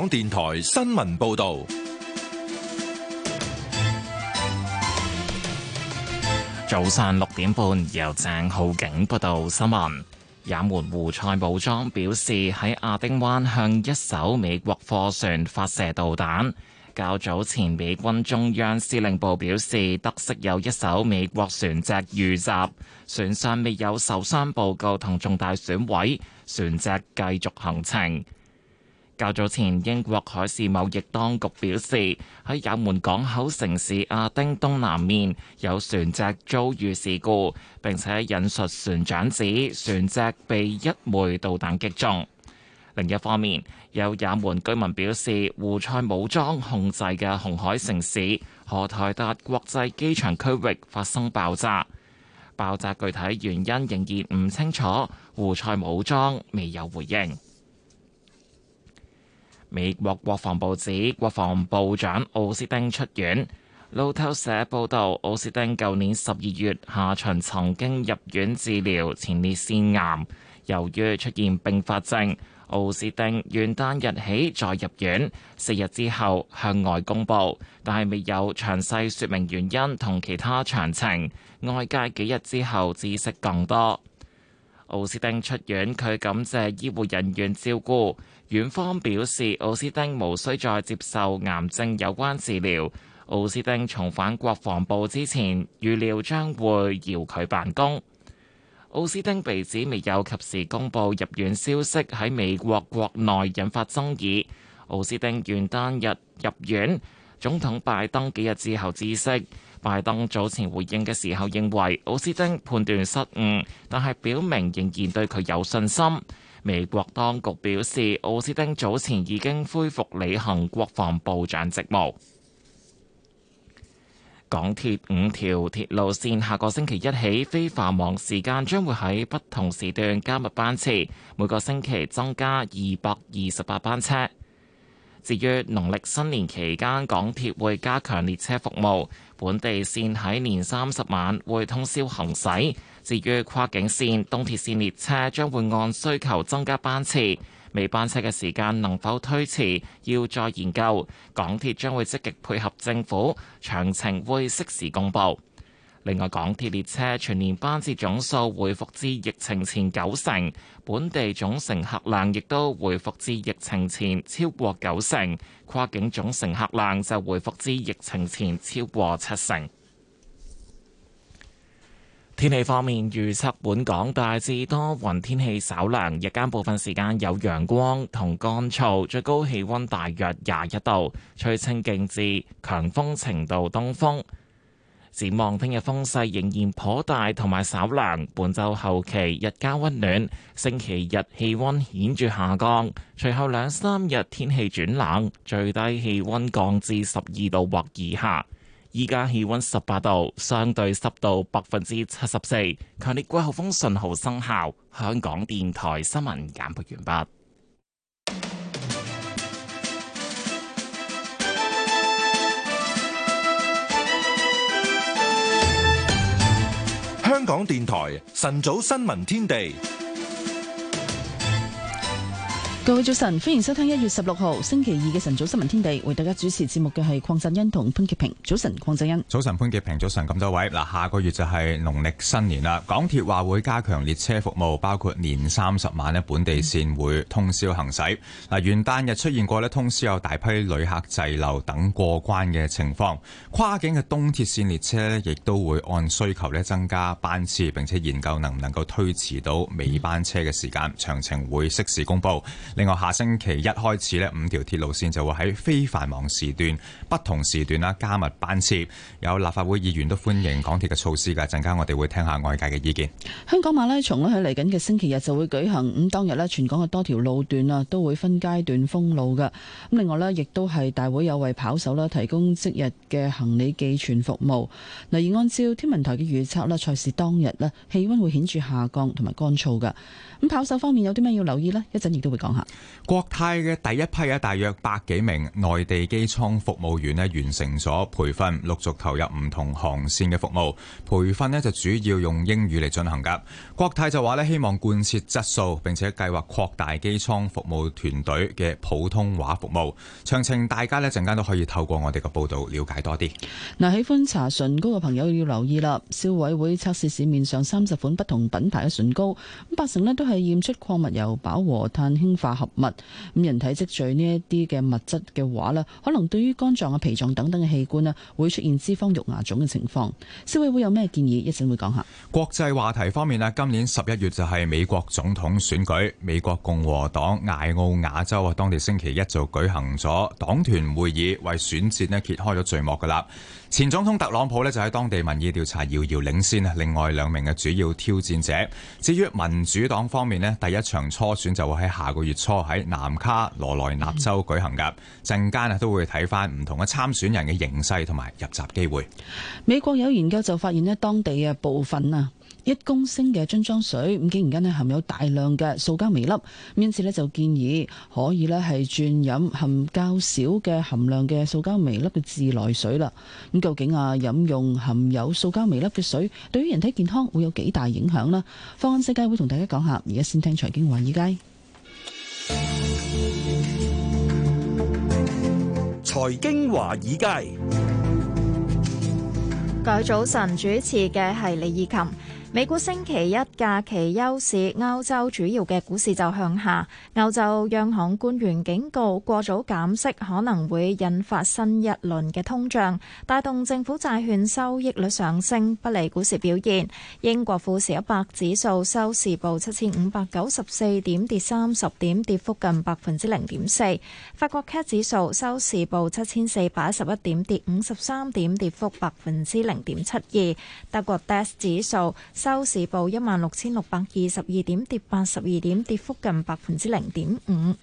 港電台新聞報道，早上六點半由鄭浩景報道新聞。也門胡塞武裝表示喺亞丁灣向一艘美國貨船發射導彈。較早前美軍中央司令部表示，得悉有一艘美國船隻遇襲，船上未有受傷報告同重大損毀，船隻繼續行程。較早前，英國海事貿易當局表示，喺也門港口城市亞丁東南面有船隻遭遇事故，並且引述船長指，船隻被一枚導彈擊中。另一方面，有也門居民表示，胡塞武裝控制嘅紅海城市荷台達國際機場區域發生爆炸，爆炸具體原因仍然唔清楚，胡塞武裝未有回應。美國國防部指，國防部長奧斯丁出院。路透社報導，奧斯丁舊年十二月下旬曾經入院治療前列腺癌，由於出現併發症，奧斯丁元旦日起再入院。四日之後向外公佈，但係未有詳細説明原因同其他詳情。外界幾日之後知識更多。奧斯丁出院，佢感謝醫護人員照顧。院方表示，奧斯汀無需再接受癌症有關治療，奧斯汀重返國防部之前，預料將會遙距辦公。奧斯汀被指未有及時公布入院消息，喺美國國內引發爭議，奧斯汀元旦日入院，總統拜登幾日之後知悉。拜登早前回應嘅時候認為奧斯汀判斷失誤，但係表明仍然對佢有信心。美國當局表示，奧斯丁早前已經恢復履行國防部長職務。港鐵五條鐵路線下個星期一起，非繁忙時間將會喺不同時段加密班次，每個星期增加二百二十八班車。至於農曆新年期間，港鐵會加強列車服務，本地線喺年三十晚會通宵行駛。至於跨境線、東鐵線列車將會按需求增加班次，尾班車嘅時間能否推遲要再研究。港鐵將會積極配合政府，詳情會適時公佈。另外，港鐵列車全年班次總數回復至疫情前九成，本地總乘客量亦都回復至疫情前超過九成，跨境總乘客量就回復至疫情前超過七成。天氣方面，預測本港大致多雲天氣，稍涼，日間部分時間有陽光同乾燥，最高氣溫大約廿一度，吹清勁至強風程度東風。展望聽日風勢仍然頗大，同埋稍涼，本週後期日間溫暖，星期日氣溫顯著下降，隨後兩三日天氣轉冷，最低氣溫降至十二度或以下。依家氣温十八度，相對濕度百分之七十四，強烈季候風信號生效。香港電台新聞簡報完畢。香港電台晨早新聞天地。各位早晨，歡迎收聽一月十六號星期二嘅晨早新聞天地。為大家主持節目嘅係鄺振欣同潘潔平。早晨，鄺振欣。早晨，潘潔平。早晨，咁多位。嗱，下個月就係農曆新年啦。港鐵話會加強列車服務，包括年三十晚呢，本地線會通宵行駛。嗱，元旦日出現過呢，通宵有大批旅客滯留等過關嘅情況。跨境嘅東鐵線列車呢，亦都會按需求呢增加班次，並且研究能唔能夠推遲到尾班車嘅時間，詳情會適時公布。另外，下星期一開始咧，五條鐵路線就會喺非繁忙時段、不同時段啦，加密班次。有立法會議員都歡迎港鐵嘅措施嘅。陣間我哋會聽下外界嘅意見。香港馬拉松咧，喺嚟緊嘅星期日就會舉行。咁當日咧，全港嘅多條路段啊，都會分階段封路嘅。咁另外咧，亦都係大會有為跑手咧提供即日嘅行李寄存服務。例如，按照天文台嘅預測咧，賽事當日咧氣温會顯著下降同埋乾燥嘅。咁跑手方面有啲咩要留意呢？一陣亦都會講下。國泰嘅第一批啊，大約百幾名內地機艙服務員咧，完成咗培訓，陸續投入唔同航線嘅服務。培訓咧就主要用英語嚟進行噶。國泰就話咧，希望貫徹質素，並且計劃擴大機艙服務團隊嘅普通話服務。詳情大家呢，一陣間都可以透過我哋嘅報道了解多啲。嗱，喜歡查唇膏嘅朋友要留意啦，消委會測試市面上三十款不同品牌嘅唇膏，咁八成咧都。係驗出礦物油飽和碳氫化合物咁，人體積聚呢一啲嘅物質嘅話呢，可能對於肝臟啊、脾臟等等嘅器官呢，會出現脂肪肉芽腫嘅情況。消委會有咩建議？一陣會講下。國際話題方面呢，今年十一月就係美國總統選舉，美國共和黨艾奧瓦州啊，當地星期一就舉行咗黨團會議，為選戰呢揭開咗序幕噶啦。前總統特朗普咧就喺當地民意調查遙遙領先啊，另外兩名嘅主要挑戰者。至於民主黨方面咧，第一場初選就會喺下個月初喺南卡羅來納州舉行噶。陣間啊，會都會睇翻唔同嘅參選人嘅形勢同埋入閘機會。美國有研究就發現咧，當地嘅部分啊。一公升嘅樽裝水咁，竟然間咧含有大量嘅塑膠微粒，因此咧就建議可以咧係轉飲含較少嘅含量嘅塑膠微粒嘅自來水啦。咁究竟啊，飲用含有塑膠微粒嘅水對於人體健康會有幾大影響咧？放眼世界會同大家講下。而家先聽財經華爾街，財經華爾街，早早晨主持嘅係李義琴。美股星期一假期休市，歐洲主要嘅股市就向下。歐洲央行官員警告，過早減息可能會引發新一輪嘅通脹，帶動政府債券收益率上升，不利股市表現。英國富時一百指數收市報七千五百九十四點，跌三十點，跌幅近百分之零點四。法國 CAC 指數收市報七千四百一十一點，跌五十三點，跌幅百分之零點七二。德國 DAX 指數。收市報一萬六千六百二十二點，跌八十二點，跌幅近百分之零點五。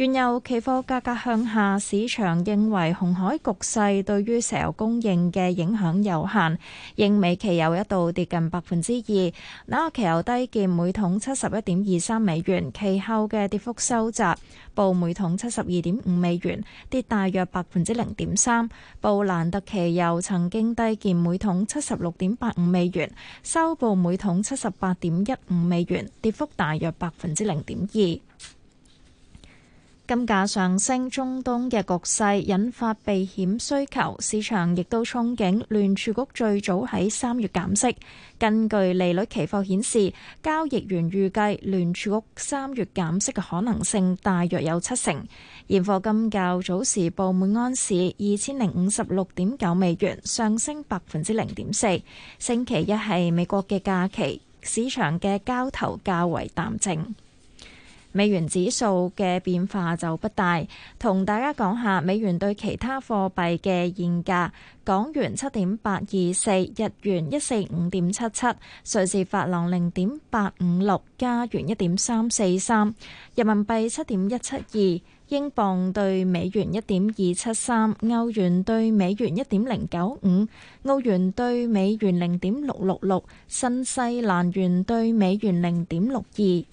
原油期貨價格向下，市場認為紅海局勢對於石油供應嘅影響有限。英美期油一度跌近百分之二，紐約期油低見每桶七十一點二三美元，其後嘅跌幅收窄，報每桶七十二點五美元，跌大約百分之零點三。布蘭特期油曾經低見每桶七十六點八五美元，收報每桶七十八點一五美元，跌幅大約百分之零點二。金價上升，中東嘅局勢引發避險需求，市場亦都憧憬聯儲局最早喺三月減息。根據利率期貨顯示，交易員預計聯儲局三月減息嘅可能性大約有七成。現貨金較早時報每安士二千零五十六點九美元，上升百分之零點四。星期一係美國嘅假期，市場嘅交投較為淡靜。美元指數嘅變化就不大，同大家講下美元對其他貨幣嘅現價：港元七點八二四，日元一四五點七七，瑞士法郎零點八五六，加元一點三四三，人民幣七點一七二，英鎊對美元一點二七三，歐元對美元一點零九五，澳元對美元零點六六六，新西蘭元對美元零點六二。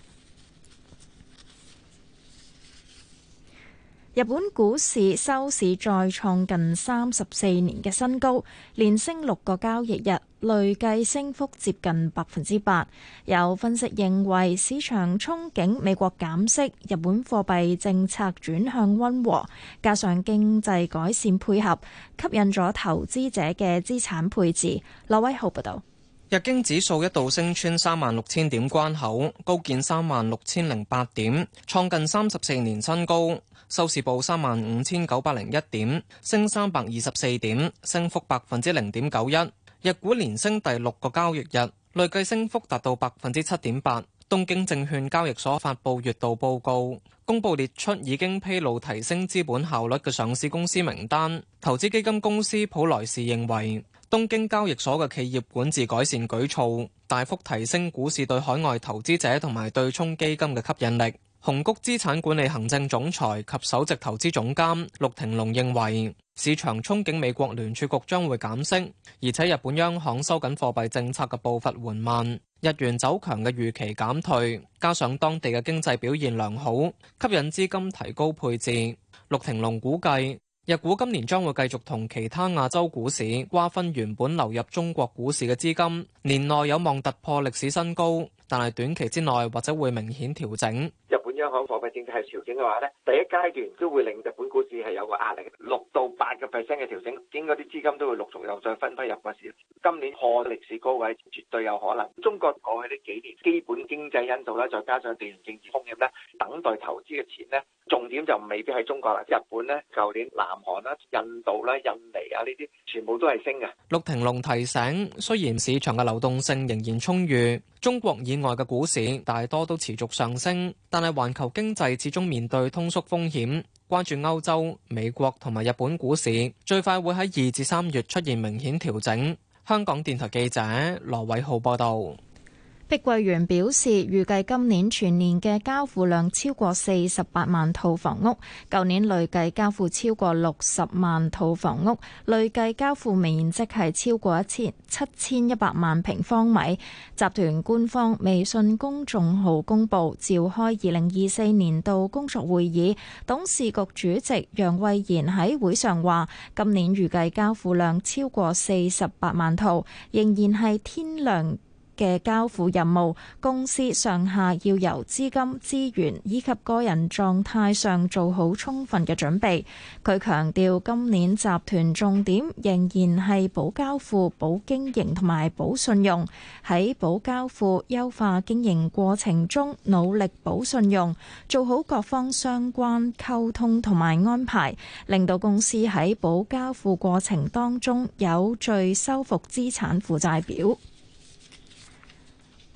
日本股市收市再創近三十四年嘅新高，連升六個交易日，累計升幅接近百分之八。有分析認為，市場憧憬美國減息，日本貨幣政策轉向溫和，加上經濟改善配合，吸引咗投資者嘅資產配置。羅偉浩報道。日經指數一度升穿三萬六千點關口，高見三萬六千零八點，創近三十四年新高。收市報三萬五千九百零一點，升三百二十四點，升幅百分之零點九一。日股連升第六個交易日，累計升幅達到百分之七點八。東京證券交易所發布月度報告，公布列出已經披露提升資本效率嘅上市公司名單。投資基金公司普萊士認為。東京交易所嘅企業管治改善舉措，大幅提升股市對海外投資者同埋對沖基金嘅吸引力。紅谷資產管理行政總裁及首席投資總監陸廷龍認為，市場憧憬美國聯儲局將會減息，而且日本央行收緊貨幣政策嘅步伐緩慢，日元走強嘅預期減退，加上當地嘅經濟表現良好，吸引資金提高配置。陸廷龍估計。日股今年將會繼續同其他亞洲股市瓜分原本流入中國股市嘅資金，年內有望突破歷史新高，但係短期之內或者會明顯調整。央行貨幣政策係調整嘅話咧，第一階段都會令日本股市係有個壓力，六到八個 percent 嘅調整，應該啲資金都會陸續又再分批入股市。今年破歷史高位絕對有可能。中國過去呢幾年基本經濟因素咧，再加上地緣政治風險咧，等待投資嘅錢咧，重點就未必係中國啦。日本咧，舊年、南韓啦、印度啦、印尼啊呢啲，全部都係升嘅。陸庭龍提醒，雖然市場嘅流動性仍然充裕。中國以外嘅股市大多都持續上升，但係環球經濟始終面對通縮風險，關注歐洲、美國同埋日本股市最快會喺二至三月出現明顯調整。香港電台記者羅偉浩報道。碧桂園表示，預計今年全年嘅交付量超過四十八萬套房屋，舊年累計交付超過六十萬套房屋，累計交付面積係超過一千七千一百萬平方米。集團官方微信公眾號公佈，召開二零二四年度工作會議，董事局主席楊惠妍喺會上話：今年預計交付量超過四十八萬套，仍然係天量。嘅交付任務，公司上下要由資金、資源以及個人狀態上做好充分嘅準備。佢強調，今年集團重點仍然係保交付、保經營同埋保信用。喺保交付、優化經營過程中，努力保信用，做好各方相關溝通同埋安排，令到公司喺保交付過程當中有序修復資產負債表。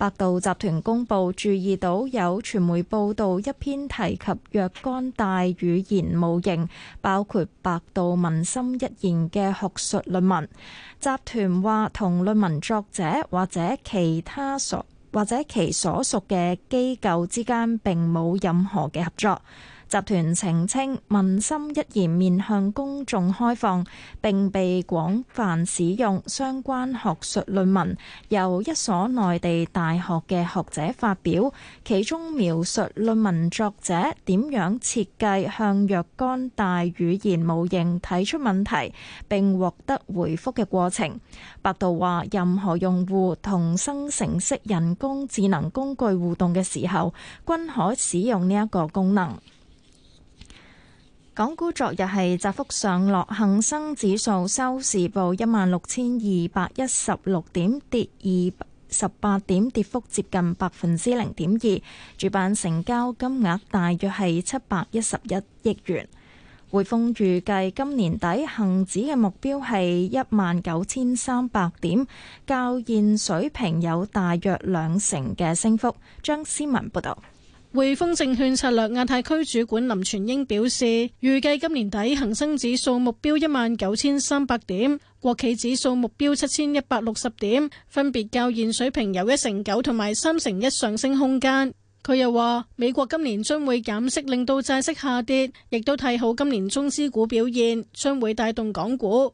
百度集團公布，注意到有傳媒報道一篇提及若干大語言模型，包括百度文心一言嘅學術論文。集團話同論文作者或者其他所或者其所屬嘅機構之間並冇任何嘅合作。集團澄清，文心一言面向公眾開放，並被廣泛使用。相關學術論文由一所內地大學嘅學者發表，其中描述論文作者點樣設計向若干大語言模型提出問題，並獲得回覆嘅過程。百度話，任何用戶同生成式人工智能工具互動嘅時候，均可使用呢一個功能。港股昨日係窄幅上落，恒生指數收市報一萬六千二百一十六點，跌二十八點，跌幅接近百分之零點二。主板成交金額大約係七百一十一億元。匯豐預計今年底恒指嘅目標係一萬九千三百點，較現水平有大約兩成嘅升幅。張思文報道。匯豐證券策略亞太區主管林全英表示，預計今年底恒生指數目標一萬九千三百點，國企指數目標七千一百六十點，分別較現水平有一成九同埋三成一上升空間。佢又話，美國今年將會減息，令到債息下跌，亦都睇好今年中資股表現，將會帶動港股。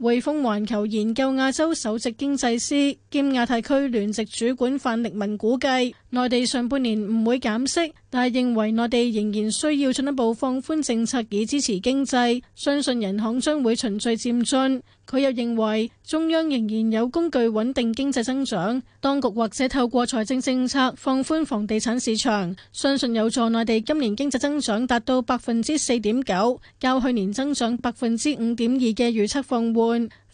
滙豐環球研究亞洲首席經濟師兼亞太區聯席主管范力文估計，內地上半年唔會減息。但係認為內地仍然需要進一步放寬政策以支持經濟，相信人行將會循序漸進，佢又認為中央仍然有工具穩定經濟增長，當局或者透過財政政策放寬房地產市場，相信有助內地今年經濟增長達到百分之四點九，較去年增長百分之五點二嘅預測放緩。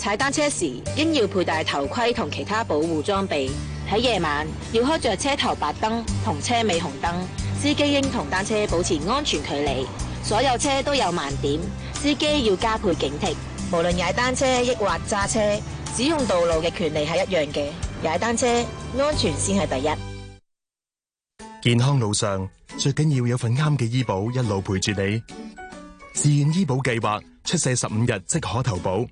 踩單車時應要佩戴頭盔同其他保護裝備。喺夜晚要開着車頭白燈同車尾紅燈。司機應同單車保持安全距離。所有車都有盲點，司機要加倍警惕。無論踩單車抑或揸車，使用道路嘅權利係一樣嘅。踩單車安全先係第一。健康路上最緊要有份啱嘅醫保一路陪住你。自願醫保計劃出世十五日即可投保。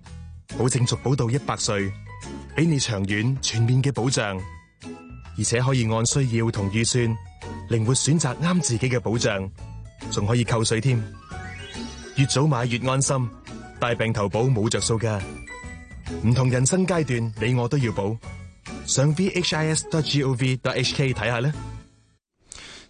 保證續保到一百歲，比你長遠全面嘅保障，而且可以按需要同預算靈活選擇啱自己嘅保障，仲可以扣稅添。越早買越安心，大病投保冇着數噶。唔同人生階段，你我都要保，上 VHIS.gov.hk 睇下啦。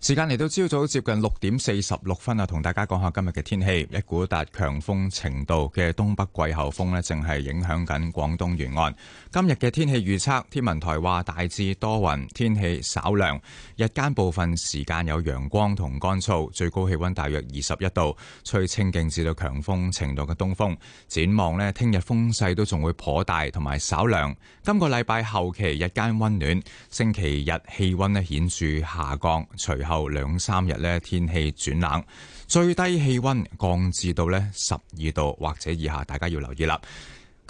時間嚟到朝早接近六點四十六分啊，同大家講下今日嘅天氣。一股達強風程度嘅東北季候風咧，正係影響緊廣東沿岸。今日嘅天氣預測，天文台話大致多雲，天氣稍涼，日間部分時間有陽光同乾燥，最高氣溫大約二十一度，吹清勁至到強風程度嘅東風。展望咧，聽日風勢都仲會頗大，同埋稍涼。今個禮拜後期日間溫暖，星期日氣溫咧顯著下降，隨。後兩三日呢，天氣轉冷，最低氣溫降至到呢十二度或者以下，大家要留意啦。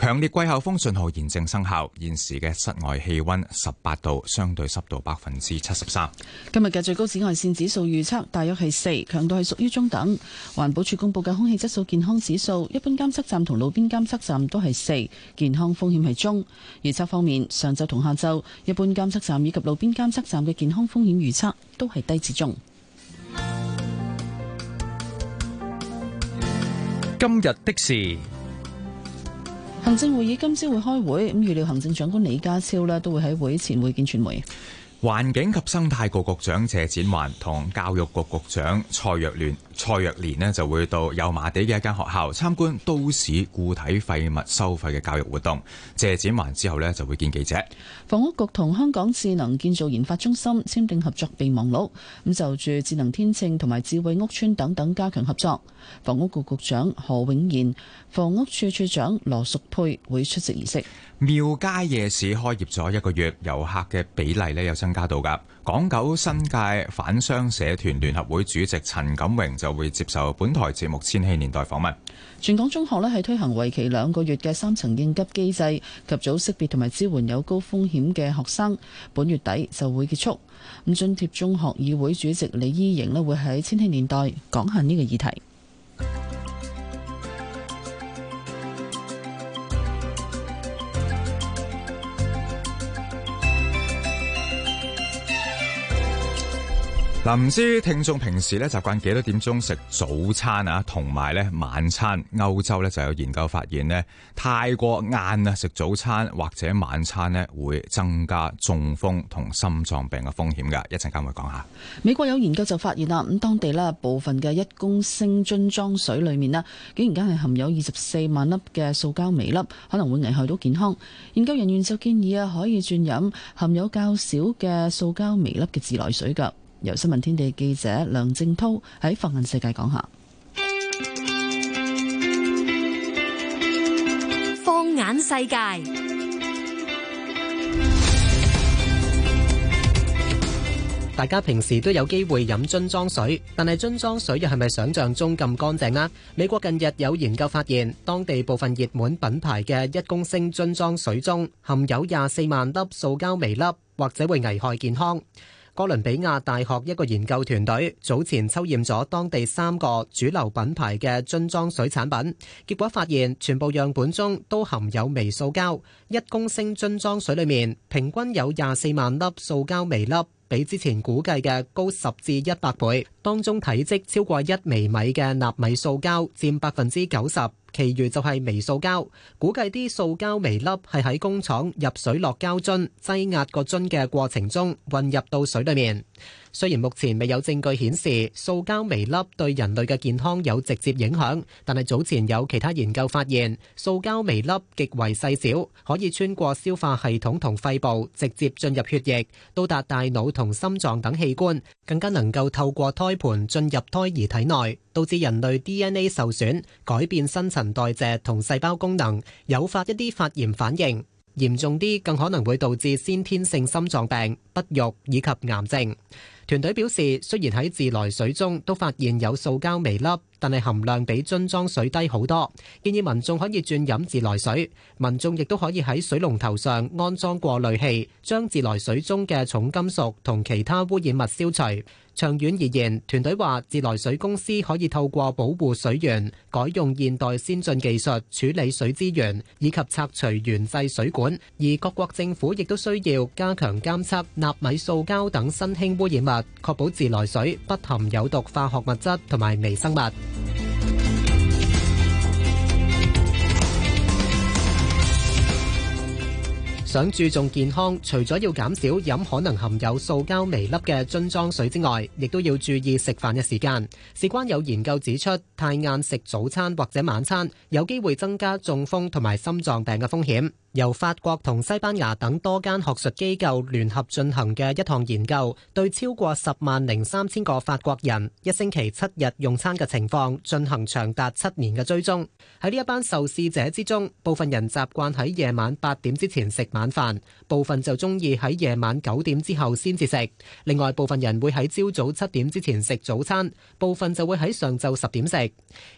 強烈季候風信號現正生效，現時嘅室外氣溫十八度，相對濕度百分之七十三。今日嘅最高紫外線指數預測大約係四，強度係屬於中等。環保署公布嘅空氣質素健康指數，一般監測站同路邊監測站都係四，健康風險係中。預測方面，上晝同下晝，一般監測站以及路邊監測站嘅健康風險預測都係低至中。今日的事。行政會議今朝會開會，咁預料行政長官李家超咧都會喺會前會見傳媒。環境及生態局局長謝展寰同教育局局長蔡若蓮。蔡若蓮咧就會到油麻地嘅一間學校參觀都市固體廢物收費嘅教育活動，借展完之後咧就會見記者。房屋局同香港智能建造研發中心簽訂合作備忘錄，咁就住智能天秤同埋智慧屋村等等加強合作。房屋局局長何永賢、房屋處處長羅淑佩會出席儀式。廟街夜市開業咗一個月，遊客嘅比例咧有增加到㗎。港九新界販商社團聯合會主席陳錦榮就會接受本台節目《千禧年代》訪問。全港中學呢，係推行為期兩個月嘅三層應急機制，及早識別同埋支援有高風險嘅學生。本月底就會結束。咁津貼中學議會主席李依瑩呢，會喺《千禧年代》講下呢個議題。嗱，唔知聽眾平時咧習慣幾多點鐘食早餐啊，同埋咧晚餐。歐洲咧就有研究發現咧，太過晏咧食早餐或者晚餐咧，會增加中風同心臟病嘅風險噶。一陣間會講下。美國有研究就發現啦，咁當地咧部分嘅一公升樽裝水裏面咧，竟然間係含有二十四萬粒嘅塑膠微粒，可能會危害到健康。研究人員就建議啊，可以轉飲含有較少嘅塑膠微粒嘅自來水噶。由新聞天地記者梁正濤喺《放眼世界》講下。放眼世界，大家平時都有機會飲樽裝水，但係樽裝水又係咪想象中咁乾淨呢？美國近日有研究發現，當地部分熱門品牌嘅一公升樽裝水中含有廿四萬粒塑膠微粒，或者會危害健康。哥倫比亞大學一個研究團隊早前抽驗咗當地三個主流品牌嘅樽裝水產品，結果發現全部樣本中都含有微塑膠，一公升樽裝水裡面平均有廿四萬粒塑膠微粒，比之前估計嘅高十至一百倍。當中體積超過一微米嘅納米塑膠佔百分之九十，其餘就係微塑膠。估計啲塑膠微粒係喺工廠入水落膠樽擠壓個樽嘅過程中混入到水裏面。雖然目前未有證據顯示塑膠微粒對人類嘅健康有直接影響，但係早前有其他研究發現，塑膠微粒極為細小，可以穿過消化系統同肺部，直接進入血液，到達大腦同心臟等器官，更加能夠透過胎。盤進入胎兒體內，導致人類 DNA 受損，改變新陳代謝同細胞功能，誘發一啲發炎反應。嚴重啲更可能會導致先天性心臟病、不育以及癌症。團隊表示，雖然喺自來水中都發現有塑膠微粒，但係含量比樽裝水低好多，建議民眾可以轉飲自來水。民眾亦都可以喺水龍頭上安裝過濾器，將自來水中嘅重金屬同其他污染物消除。長遠而言，團隊話自來水公司可以透過保護水源、改用現代先進技術處理水資源，以及拆除原製水管。而各國政府亦都需要加強監測納米塑膠等新興污染物，確保自來水不含有毒化學物質同埋微生物。想注重健康，除咗要減少飲可能含有塑膠微粒嘅樽裝水之外，亦都要注意食飯嘅時間。事關有研究指出，太晏食早餐或者晚餐，有機會增加中風同埋心臟病嘅風險。由法國同西班牙等多間學術機構聯合進行嘅一項研究，對超過十萬零三千個法國人一星期七日用餐嘅情況進行長達七年嘅追蹤。喺呢一班受試者之中，部分人習慣喺夜晚八點之前食晚飯，部分就鍾意喺夜晚九點之後先至食。另外，部分人會喺朝早七點之前食早餐，部分就會喺上晝十點食。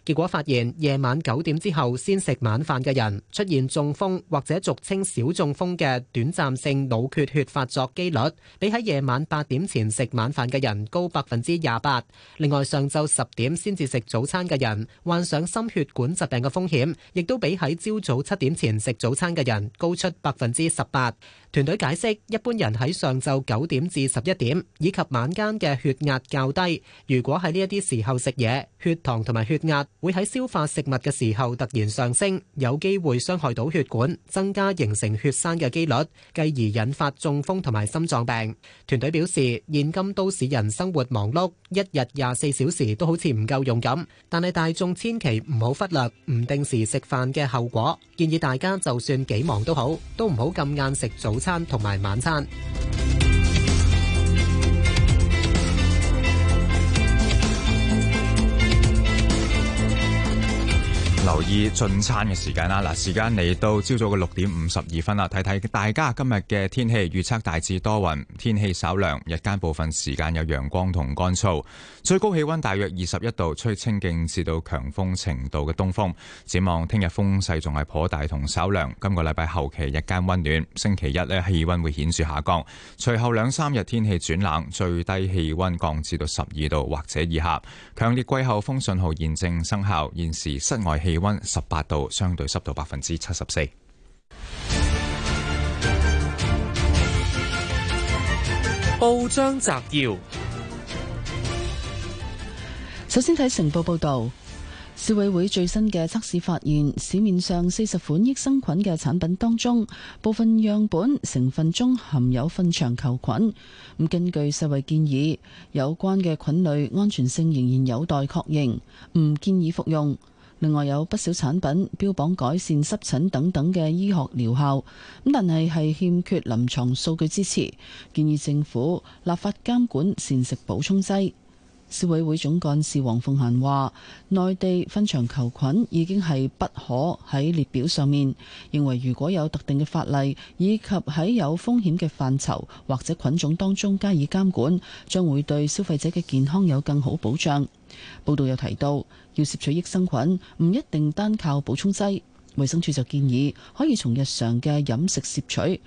結果發現，夜晚九點之後先食晚飯嘅人，出現中風或者俗稱小中風嘅短暫性腦缺血發作機率，比喺夜晚八點前食晚飯嘅人高百分之廿八。另外，上晝十點先至食早餐嘅人，患上心血管疾病嘅風險，亦都比喺朝早七點前食早餐嘅人高出百分之十八。團隊解釋，一般人喺上晝九點至十一點以及晚間嘅血壓較低，如果喺呢一啲時候食嘢，血糖同埋血壓會喺消化食物嘅時候突然上升，有機會傷害到血管，增加形成血栓嘅機率，繼而引發中風同埋心臟病。團隊表示，現今都市人生活忙碌，一日廿四小時都好似唔夠用咁，但係大眾千祈唔好忽略唔定時食飯嘅後果，建議大家就算幾忙都好，都唔好咁晏食早。餐同埋晚餐。留意進餐嘅時間啦！嗱，時間嚟到朝早嘅六點五十二分啦，睇睇大家今日嘅天氣，預測大致多雲，天氣稍涼，日間部分時間有陽光同乾燥，最高氣溫大約二十一度，吹清勁至到強風程度嘅東風。展望聽日風勢仲係頗大同稍涼，今個禮拜後期日間温暖，星期一呢，氣温會顯著下降，隨後兩三日天氣轉冷，最低氣温降至到十二度或者以下，強烈季候風信號現正生效，現時室外氣。溫十八度，相對濕度百分之七十四。報章摘要：首先睇成報報道，消委會最新嘅測試發現，市面上四十款益生菌嘅產品當中，部分樣本成分中含有糞腸球菌。咁根據世衛建議，有關嘅菌類安全性仍然有待確認，唔建議服用。另外有不少產品標榜改善濕疹等等嘅醫學療效，咁但係係欠缺臨床數據支持，建議政府立法監管膳食補充劑。消委會總幹事黃鳳嫻話：內地糞腸球菌已經係不可喺列表上面，認為如果有特定嘅法例，以及喺有風險嘅範疇或者菌種當中加以監管，將會對消費者嘅健康有更好保障。報道又提到。要攝取益生菌，唔一定單靠補充劑。衛生署就建議可以從日常嘅飲食攝取，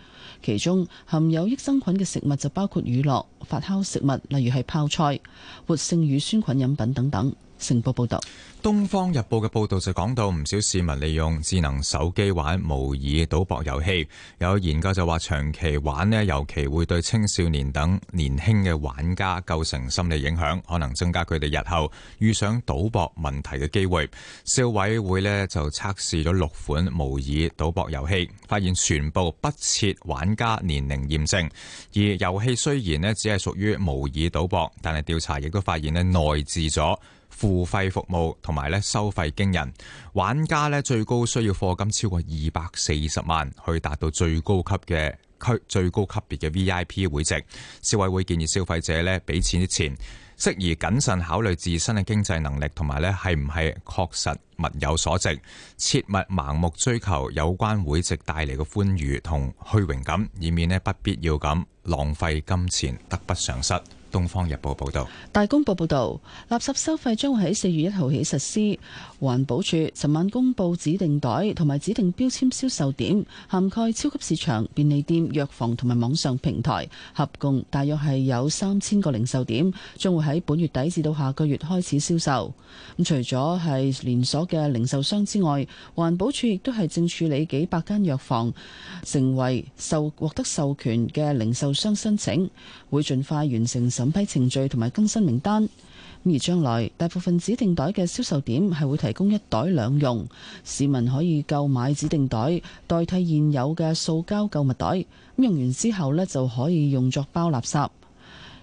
其中含有益生菌嘅食物就包括乳酪、發酵食物，例如係泡菜、活性乳酸菌飲品等等。成報報道。《東方日報》嘅報道就講到，唔少市民利用智能手機玩模擬賭博遊戲。有研究就話，長期玩呢，尤其會對青少年等年輕嘅玩家構成心理影響，可能增加佢哋日後遇上賭博問題嘅機會。消委會呢就測試咗六款模擬賭博遊戲，發現全部不設玩家年齡驗證。而遊戲雖然呢只係屬於模擬賭博，但係調查亦都發現呢內置咗。付費服務同埋咧收費驚人，玩家咧最高需要課金超過二百四十萬去達到最高級嘅區最高級別嘅 V I P 會籍。消委會建議消費者咧俾錢之前，適宜謹慎考慮自身嘅經濟能力，同埋咧係唔係確實物有所值，切勿盲目追求有關會籍帶嚟嘅歡愉同虛榮感，以免咧不必要咁浪費金錢，得不償失。《東方日報》報道，大公報報道，垃圾收費將會喺四月一號起實施。環保署尋晚公佈指定袋同埋指定標籤銷售點，涵蓋超級市場、便利店、藥房同埋網上平台，合共大約係有三千個零售點，將會喺本月底至到下個月開始銷售。咁除咗係連鎖嘅零售商之外，環保署亦都係正處理幾百間藥房成為受獲得授權嘅零售商申請，會盡快完成審批程序同埋更新名單，而將來大部分指定袋嘅銷售點係會提供一袋兩用，市民可以購買指定袋代替現有嘅塑膠購物袋，用完之後咧就可以用作包垃圾。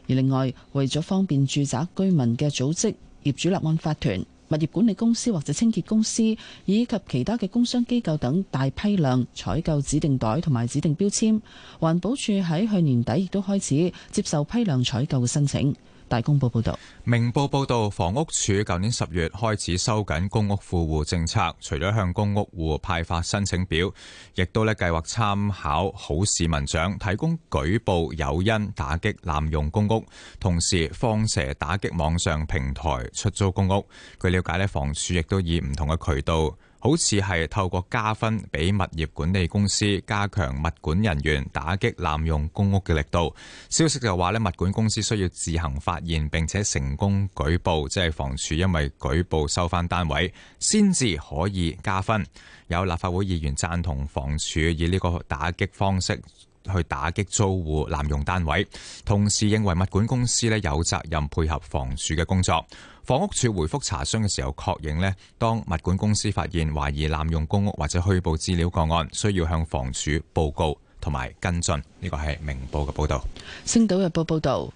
而另外為咗方便住宅居民嘅組織業主立案法團，物業管理公司或者清潔公司，以及其他嘅工商機構等大批量採購指定袋同埋指定標籤，環保署喺去年底亦都開始接受批量採購嘅申請。大公報報道，明報報道，房屋署舊年十月開始收緊公屋戶戶政策，除咗向公屋戶派發申請表，亦都咧計劃參考好市民獎，提供舉報誘因打擊濫用公屋，同時放蛇打擊網上平台出租公屋。據了解咧，房署亦都以唔同嘅渠道。好似係透過加分，俾物業管理公司加強物管人員打擊濫用公屋嘅力度。消息就話呢，物管公司需要自行發現並且成功舉報，即係房署因為舉報收翻單位，先至可以加分。有立法會議員贊同房署以呢個打擊方式去打擊租戶濫用單位，同時認為物管公司呢有責任配合房署嘅工作。房屋署回覆查詢嘅時候確認呢，當物管公司發現懷疑濫用公屋或者虛報資料個案，需要向房署報告同埋跟進。呢個係明報嘅報道，《星島日報》報道。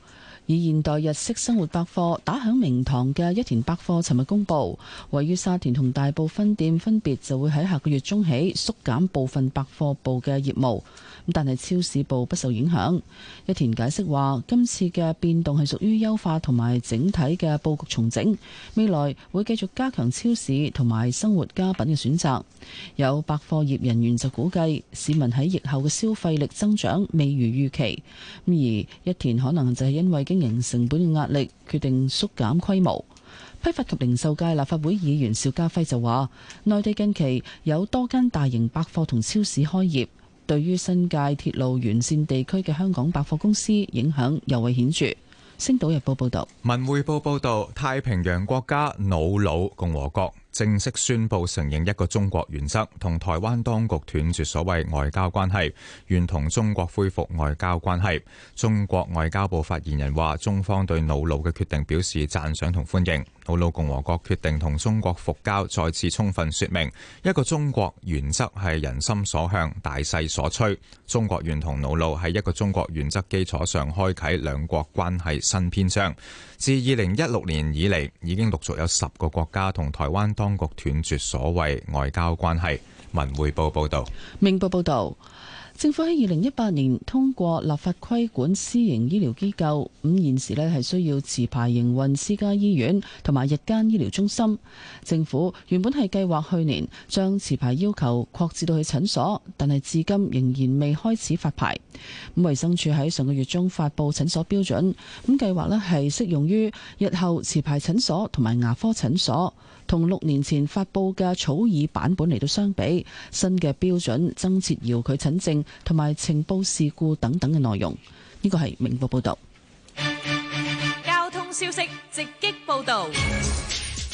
以現代日式生活百貨打響名堂嘅一田百貨，尋日公布，位於沙田同大埔分店分別就會喺下個月中起縮減部分百貨部嘅業務，咁但係超市部不受影響。一田解釋話，今次嘅變動係屬於優化同埋整體嘅佈局重整，未來會繼續加強超市同埋生活家品嘅選擇。有百貨業人員就估計，市民喺疫後嘅消費力增長未如預期，咁而一田可能就係因為。經營成本嘅壓力，決定縮減規模。批發及零售界立法會議員邵家輝就話，內地近期有多間大型百貨同超市開業，對於新界鐵路沿線地區嘅香港百貨公司影響尤為顯著。星島日報報道，文匯報報道，太平洋國家瑙魯共和國。正式宣布承認一個中國原則同台灣當局斷絕所謂外交關係，願同中國恢復外交關係，中國外交部發言人話中方對瑙魯嘅決定表示讚賞同歡迎。.瑙魯共和國決定同中國復交，再次充分説明一個中國原則係人心所向、大勢所趨。中國願同瑙魯喺一個中國原則基礎上，開啓兩國關係新篇章。自二零一六年以嚟，已經陸續有十個國家同台灣當局斷絕所謂外交關係。文匯報報道。明報報導。政府喺二零一八年通過立法規管私營醫療機構，咁現時呢係需要持牌營運私家醫院同埋日間醫療中心。政府原本係計劃去年將持牌要求擴至到去診所，但係至今仍然未開始發牌。咁衛生署喺上個月中發佈診所標準，咁計劃呢係適用於日後持牌診所同埋牙科診所。同六年前發布嘅草擬版本嚟到相比，新嘅標準增設遙距診症同埋情報事故等等嘅內容。呢個係明報報道。交通消息直擊報道。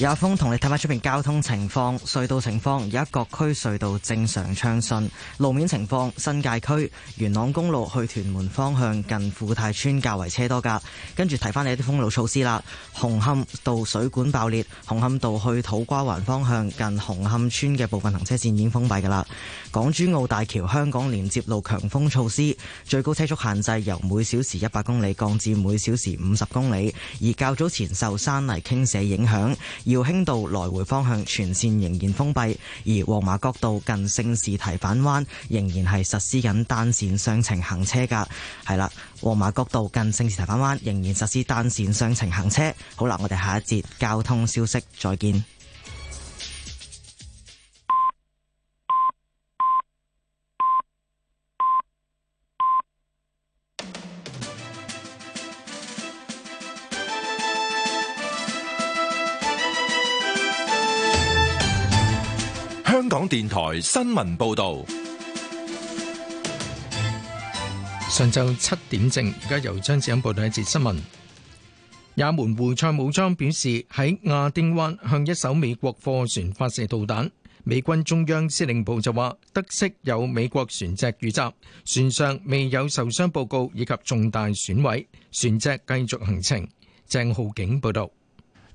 亞峰同你睇翻出邊交通情況、隧道情況，而家各區隧道正常暢順。路面情況，新界區元朗公路去屯門方向近富泰村較為車多噶跟住提翻你一啲封路措施啦。紅磡道水管爆裂，紅磡道去土瓜灣方向近紅磡村嘅部分行車線已經封閉噶啦。港珠澳大橋香港連接路強風措施，最高車速限制由每小時一百公里降至每小時五十公里，而較早前受山泥傾瀉影響。耀興道來回方向全線仍然封閉，而皇馬角道近聖士提反灣仍然係實施緊單線雙程行車噶係啦。皇馬角道近聖士提反灣仍然實施單線雙程行車。好啦，我哋下一節交通消息再見。香港電台新聞報道，上晝七點正，而家，由張志欣報道一節新聞。也門胡塞武裝表示喺亞丁灣向一艘美國貨船發射導彈，美軍中央司令部就話得悉有美國船隻遇襲，船上未有受傷報告以及重大損毀，船隻繼續行程。鄭浩景報道。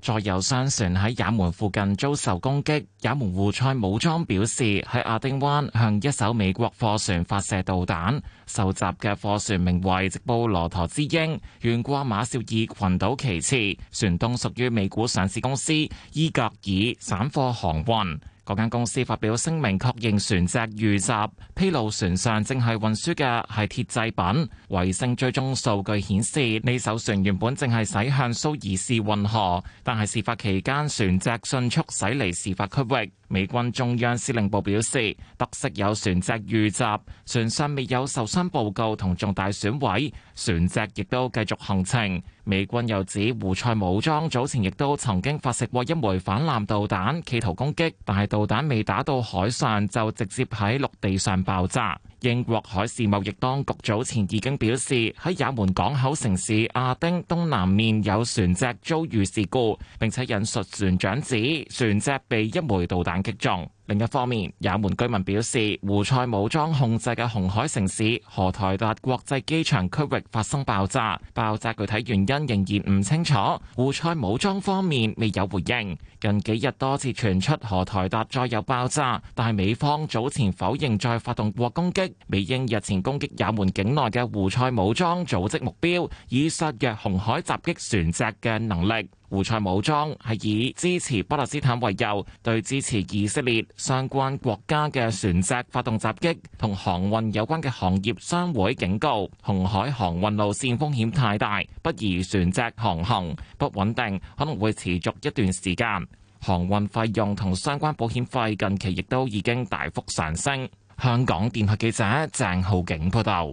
再有商船喺也門附近遭受攻擊，也門胡塞武裝表示喺亞丁灣向一艘美國貨船發射導彈，受襲嘅貨船名為直布羅陀之鷹，懸掛馬紹爾群島旗幟，船東屬於美股上市公司伊格爾散貨航運。嗰間公司發表聲明，確認船隻遇襲，披露船上正係運輸嘅係鐵製品。衛星追蹤數據顯示，呢艘船原本正係駛向蘇伊士運河，但係事發期間船隻迅速駛，駛離事發區域。美軍中央司令部表示，得悉有船隻遇襲，船上未有受傷報告同重大損毀，船隻亦都繼續行程。美軍又指胡塞武裝早前亦都曾經發射過一枚反艦導彈，企圖攻擊，但係導彈未打到海上就直接喺陸地上爆炸。英國海事貿易當局早前已經表示，喺也門港口城市亞丁東南面有船隻遭遇事故，並且引述船長指船隻被一枚導彈擊中。另一方面，也門居民表示，胡塞武裝控制嘅紅海城市荷台達國際機場區域發生爆炸，爆炸具體原因仍然唔清楚。胡塞武裝方面未有回應。近幾日多次傳出荷台達再有爆炸，但係美方早前否認再發動過攻擊，美英日前攻擊也門境內嘅胡塞武裝組織目標，以削弱紅海襲擊船隻嘅能力。胡塞武裝係以支持巴勒斯坦為由，對支持以色列相關國家嘅船隻發動襲擊，同航運有關嘅行業商會警告，紅海航運路綫風險太大，不宜船隻航行，不穩定可能會持續一段時間，航運費用同相關保險費近期亦都已經大幅上升。香港電台記者鄭浩景報道。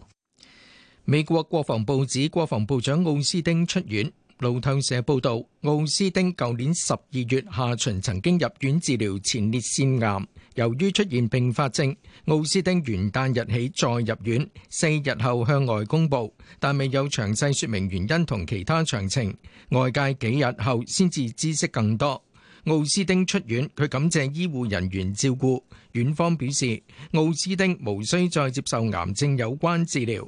美國國防部指，國防部長奧斯丁出院。路透社報道，奧斯丁舊年十二月下旬曾經入院治療前列腺癌，由於出現併發症，奧斯丁元旦日起再入院，四日後向外公布，但未有詳細說明原因同其他詳情。外界幾日後先至知悉更多。奧斯丁出院，佢感謝醫護人員照顧。院方表示，奧斯丁無需再接受癌症有關治療。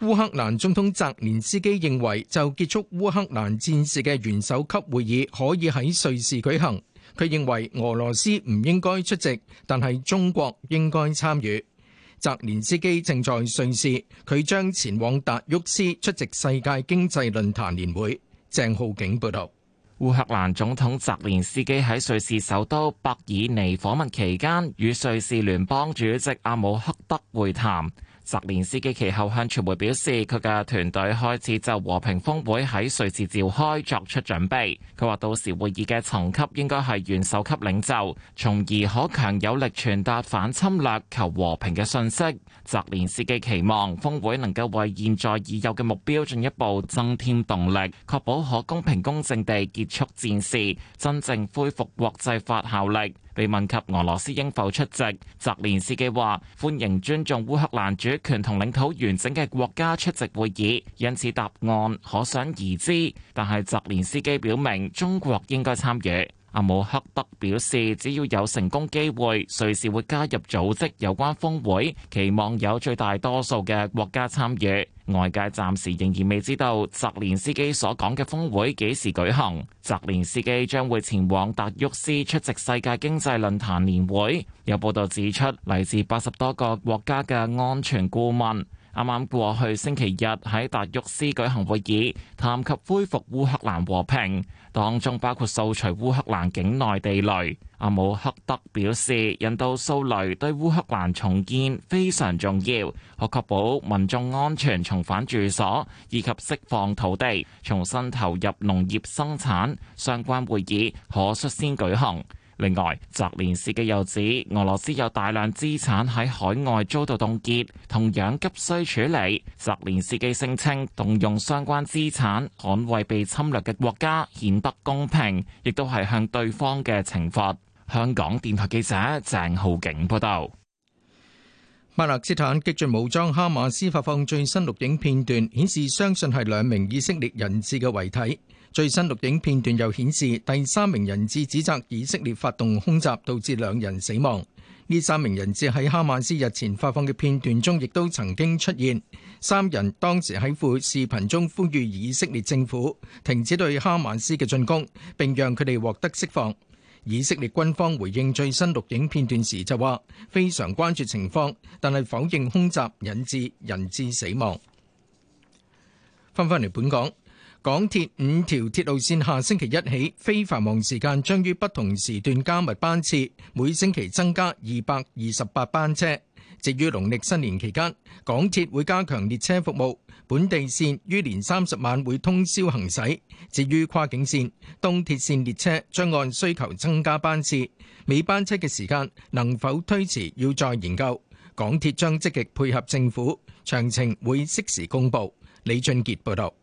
烏克蘭總統澤連斯基認為，就結束烏克蘭戰事嘅元首級會議可以喺瑞士舉行。佢認為俄羅斯唔應該出席，但係中國應該參與。澤連斯基正在瑞士，佢將前往達沃斯出席世界經濟論壇年會。鄭浩景報道：烏克蘭總統澤連斯基喺瑞士首都伯爾尼訪問期間，與瑞士聯邦主席阿姆赫德會談。澤連斯基其後向傳媒表示，佢嘅團隊開始就和平峰會喺瑞士召開作出準備。佢話到時會議嘅層級應該係元首級領袖，從而可強有力傳達反侵略、求和平嘅信息。澤連斯基期望峰會能夠為現在已有嘅目標進一步增添動力，確保可公平公正地結束戰事，真正恢復國際法效力。被問及俄羅斯應否出席，澤連斯基話歡迎尊重烏克蘭主權同領土完整嘅國家出席會議，因此答案可想而知。但係澤連斯基表明中國應該參與。阿姆克德表示，只要有成功機會，隨時會加入組織有關峰會，期望有最大多數嘅國家參與。外界暫時仍然未知道澤連斯基所講嘅峰會幾時舉行。澤連斯基將會前往達沃斯出席世界經濟論壇年會。有報道指出，嚟自八十多個國家嘅安全顧問。啱啱過去星期日喺達沃斯舉行會議，談及恢復烏克蘭和平，當中包括掃除烏克蘭境內地雷。阿姆克德表示，人道掃雷對烏克蘭重建非常重要，可確保民眾安全重返住所，以及釋放土地重新投入農業生產。相關會議可率先舉行。另外，澤連斯基又指俄羅斯有大量資產喺海外遭到凍結，同樣急需處理。澤連斯基聲稱動用相關資產，捍衛被侵略嘅國家，顯得公平，亦都係向對方嘅懲罰。香港電台記者鄭浩景報道。巴勒斯坦激進武裝哈馬斯發放最新錄影片段，顯示相信係兩名以色列人質嘅遺體。最新錄影片段又顯示，第三名人質指責以色列發動空襲，導致兩人死亡。呢三名人質喺哈曼斯日前發放嘅片段中，亦都曾經出現。三人當時喺副視頻中呼籲以色列政府停止對哈曼斯嘅進攻，並讓佢哋獲得釋放。以色列軍方回應最新錄影片段時就話：非常關注情況，但係否認空襲引致人質死亡。翻返嚟本港。港鐵五條鐵路線下星期一起，非繁忙時間將於不同時段加密班次，每星期增加二百二十八班車。至於農曆新年期間，港鐵會加強列車服務，本地線於年三十晚會通宵行駛。至於跨境線，東鐵線列車將按需求增加班次，尾班車嘅時間能否推遲要再研究。港鐵將積極配合政府，詳情會適時公布。李俊杰報道。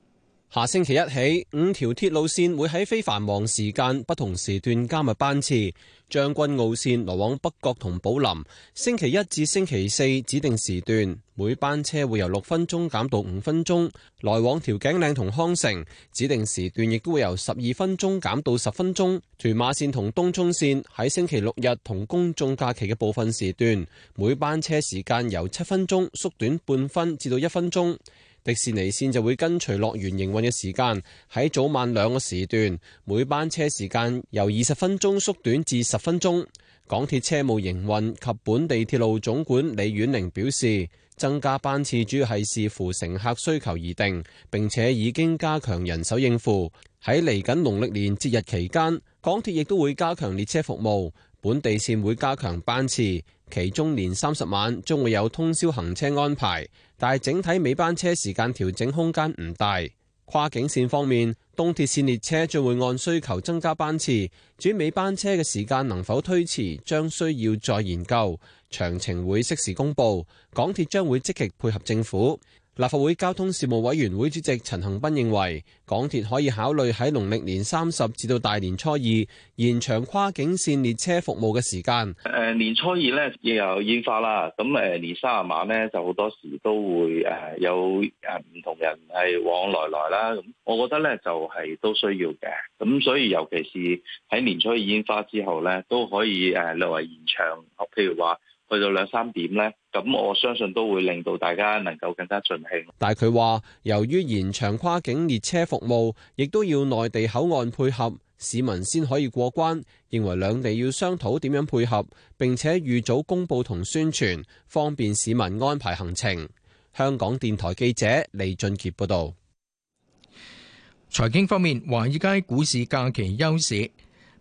下星期一起，五條鐵路線會喺非繁忙時間不同時段加密班次。將軍澳線來往北角同寶林，星期一至星期四指定時段，每班車會由六分鐘減到五分鐘；來往調景嶺同康城指定時段亦都會由十二分鐘減到十分鐘。屯馬線同東涌線喺星期六日同公眾假期嘅部分時段，每班車時間由七分鐘縮短半分至到一分鐘。迪士尼綫就會跟隨樂園營運嘅時間，喺早晚兩個時段，每班車時間由二十分鐘縮短至十分鐘。港鐵車務營運及本地鐵路總管李婉玲表示，增加班次主要係視乎乘客需求而定，並且已經加強人手應付。喺嚟緊農曆年節日期間，港鐵亦都會加強列車服務，本地綫會加強班次，其中年三十晚將會有通宵行車安排。但係整體尾班車時間調整空間唔大。跨境綫方面，東鐵綫列車將會按需求增加班次，至於尾班車嘅時間能否推遲，將需要再研究，詳情會適時公布。港鐵將會積極配合政府。立法會交通事務委員會主席陳恒鑌認為，港鐵可以考慮喺農曆年三十至到大年初二延長跨境線列車服務嘅時間。誒，年初二咧，亦有煙花啦，咁誒年卅晚咧就好多時都會誒有誒唔同人係往來來啦。咁我覺得咧就係都需要嘅，咁所以尤其是喺年初二煙花之後咧都可以誒略為延長，譬如話。去到兩三點呢，咁我相信都會令到大家能夠更加盡興。但係佢話，由於延長跨境列車服務，亦都要內地口岸配合，市民先可以過關。認為兩地要商討點樣配合，並且預早公布同宣傳，方便市民安排行程。香港電台記者李俊杰報道。財經方面，華爾街股市假期休市。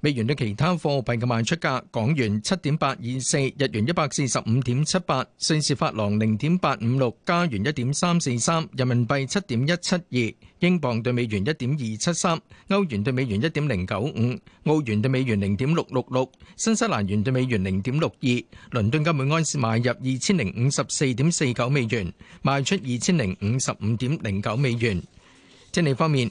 美元對其他貨幣嘅賣出價：港元七點八二四，日元一百四十五點七八，瑞士法郎零點八五六，加元一點三四三，人民幣七點一七二，英鎊對美元一點二七三，歐元對美元一點零九五，澳元對美元零點六六六，新西蘭元對美元零點六二。倫敦金每盎司賣入二千零五十四點四九美元，賣出二千零五十五點零九美元。經濟方面。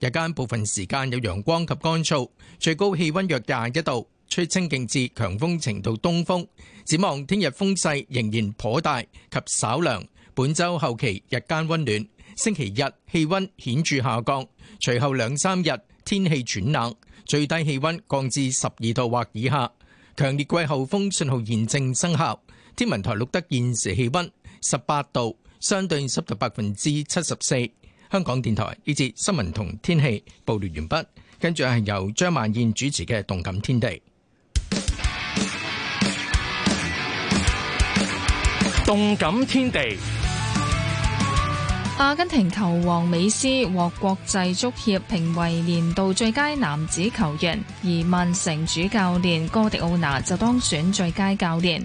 日間部分時間有陽光及乾燥，最高氣温約廿一度，吹清勁至強風程度東風。展望聽日風勢仍然頗大及稍涼，本週後期日間温暖，星期日氣温顯著下降，隨後兩三日天氣轉冷，最低氣温降至十二度或以下。強烈季候風信號現正生效，天文台錄得現時氣温十八度，相對濕度百分之七十四。香港電台呢節新聞同天氣報料完畢，跟住係由張萬燕主持嘅《動感天地》。動感天地，阿根廷球王美斯獲國際足協評為年度最佳男子球員，而曼城主教練哥迪奧拿就當選最佳教練。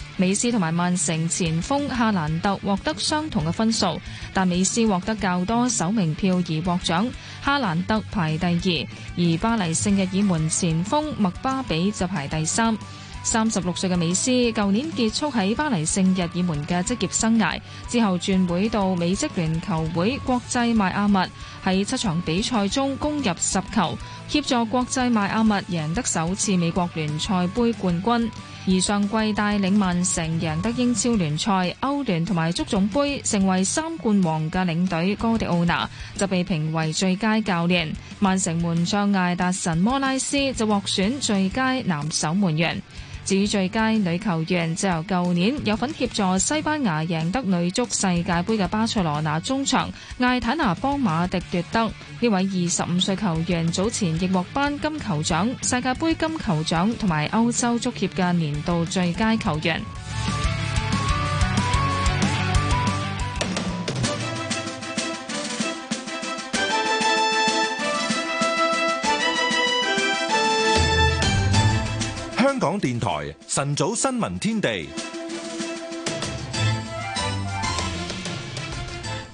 美斯同埋曼城前鋒哈蘭特獲得相同嘅分數，但美斯獲得較多首名票而獲獎，哈蘭特排第二，而巴黎聖日耳門前鋒麥巴比就排第三。三十六歲嘅美斯，舊年結束喺巴黎聖日耳門嘅職業生涯，之後轉會到美職聯球會國際邁阿密。喺七場比賽中攻入十球，協助國際邁阿密贏得首次美國聯賽杯冠軍。而上季帶領曼城贏得英超聯賽、歐聯同埋足總杯，成為三冠王嘅領隊哥迪奧拿就被評為最佳教練。曼城門將艾達臣摩拉斯就獲選最佳男守門員。至於最佳女球員就由舊年有份協助西班牙贏得女足世界杯嘅巴塞羅那中場艾坦拿·邦馬迪奪得。呢位二十五歲球員早前亦獲頒金球獎、世界杯金球獎同埋歐洲足協嘅年度最佳球員。香港電台晨早新聞天地。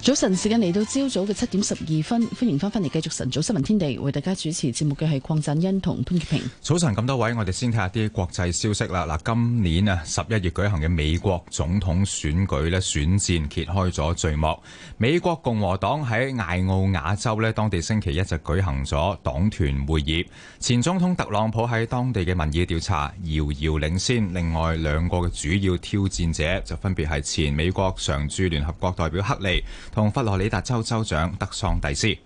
早晨，時間嚟到朝早嘅七點十二分，歡迎翻返嚟繼續晨，晨早新聞天地，為大家主持節目嘅係鄺振欣同潘潔平。早晨咁多位，我哋先睇下啲國際消息啦。嗱，今年啊十一月舉行嘅美國總統選舉呢，選戰揭開咗序幕。美國共和黨喺艾奧亞州呢，當地星期一就舉行咗黨團會議。前總統特朗普喺當地嘅民意調查遙遙領先，另外兩個嘅主要挑戰者就分別係前美國常駐聯合國代表克利。同佛羅里達州州長德桑蒂斯，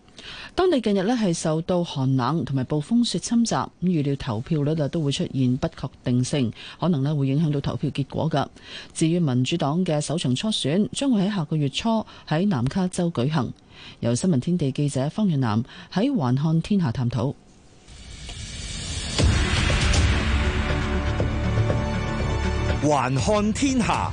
當地近日咧係受到寒冷同埋暴風雪侵襲，咁預料投票率啊都會出現不確定性，可能咧會影響到投票結果噶。至於民主黨嘅首場初選，將會喺下個月初喺南卡州舉行。由新聞天地記者方月南喺環看天下探討。環看天下。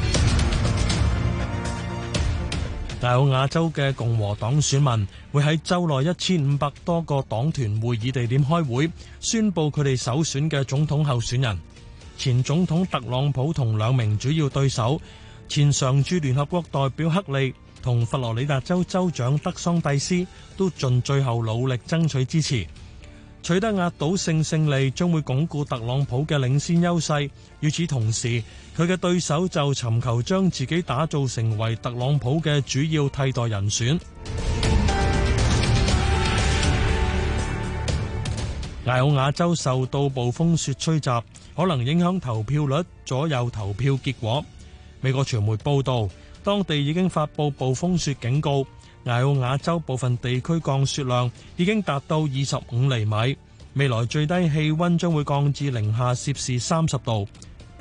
大澳亞洲嘅共和黨選民會喺州內一千五百多個黨團會議地點開會，宣佈佢哋首選嘅總統候選人。前總統特朗普同兩名主要對手，前常駐聯合國代表克利同佛羅里達州州長德桑蒂斯，都盡最後努力爭取支持。取得壓倒性勝利將會鞏固特朗普嘅領先優勢。與此同時，佢嘅對手就尋求將自己打造成為特朗普嘅主要替代人選。艾奧亞州受到暴風雪吹襲，可能影響投票率，左右投票結果。美國傳媒報道，當地已經發佈暴風雪警告。艾奧亞州部分地區降雪量已經達到二十五厘米，未來最低氣溫將會降至零下攝氏三十度。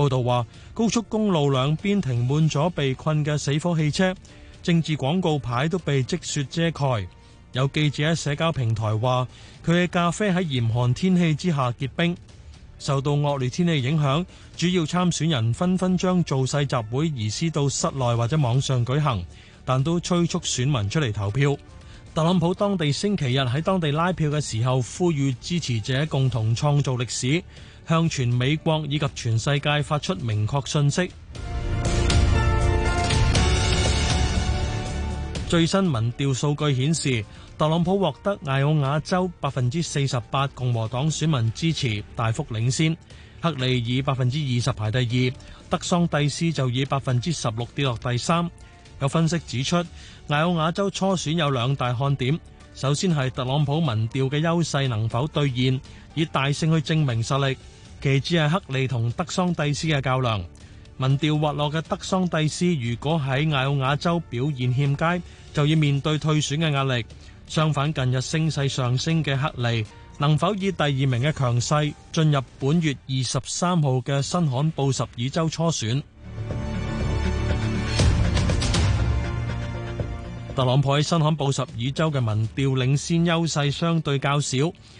報道話，高速公路兩邊停滿咗被困嘅死火汽車，政治廣告牌都被積雪遮蓋。有記者喺社交平台話，佢嘅咖啡喺嚴寒天氣之下結冰。受到惡劣天氣影響，主要參選人紛紛將造勢集會移師到室內或者網上舉行，但都催促選民出嚟投票。特朗普當地星期日喺當地拉票嘅時候，呼籲支持者共同創造歷史，向全美國以及全世界發出明確信息。最新民調數據顯示，特朗普獲得艾奧瓦州百分之四十八共和黨選民支持，大幅領先；克里以百分之二十排第二，德桑蒂斯就以百分之十六跌落第三。有分析指出，艾奧瓦州初選有兩大看點，首先係特朗普民調嘅優勢能否兌現。以大勝去證明實力，其次係克利同德桑蒂斯嘅較量。民調滑落嘅德桑蒂斯，如果喺艾奧瓦州表現欠佳，就要面對退選嘅壓力。相反，近日聲勢上升嘅克利，能否以第二名嘅強勢進入本月二十三號嘅新罕布什爾州初選？特朗普喺新罕布什爾州嘅民調領先優勢相對較少。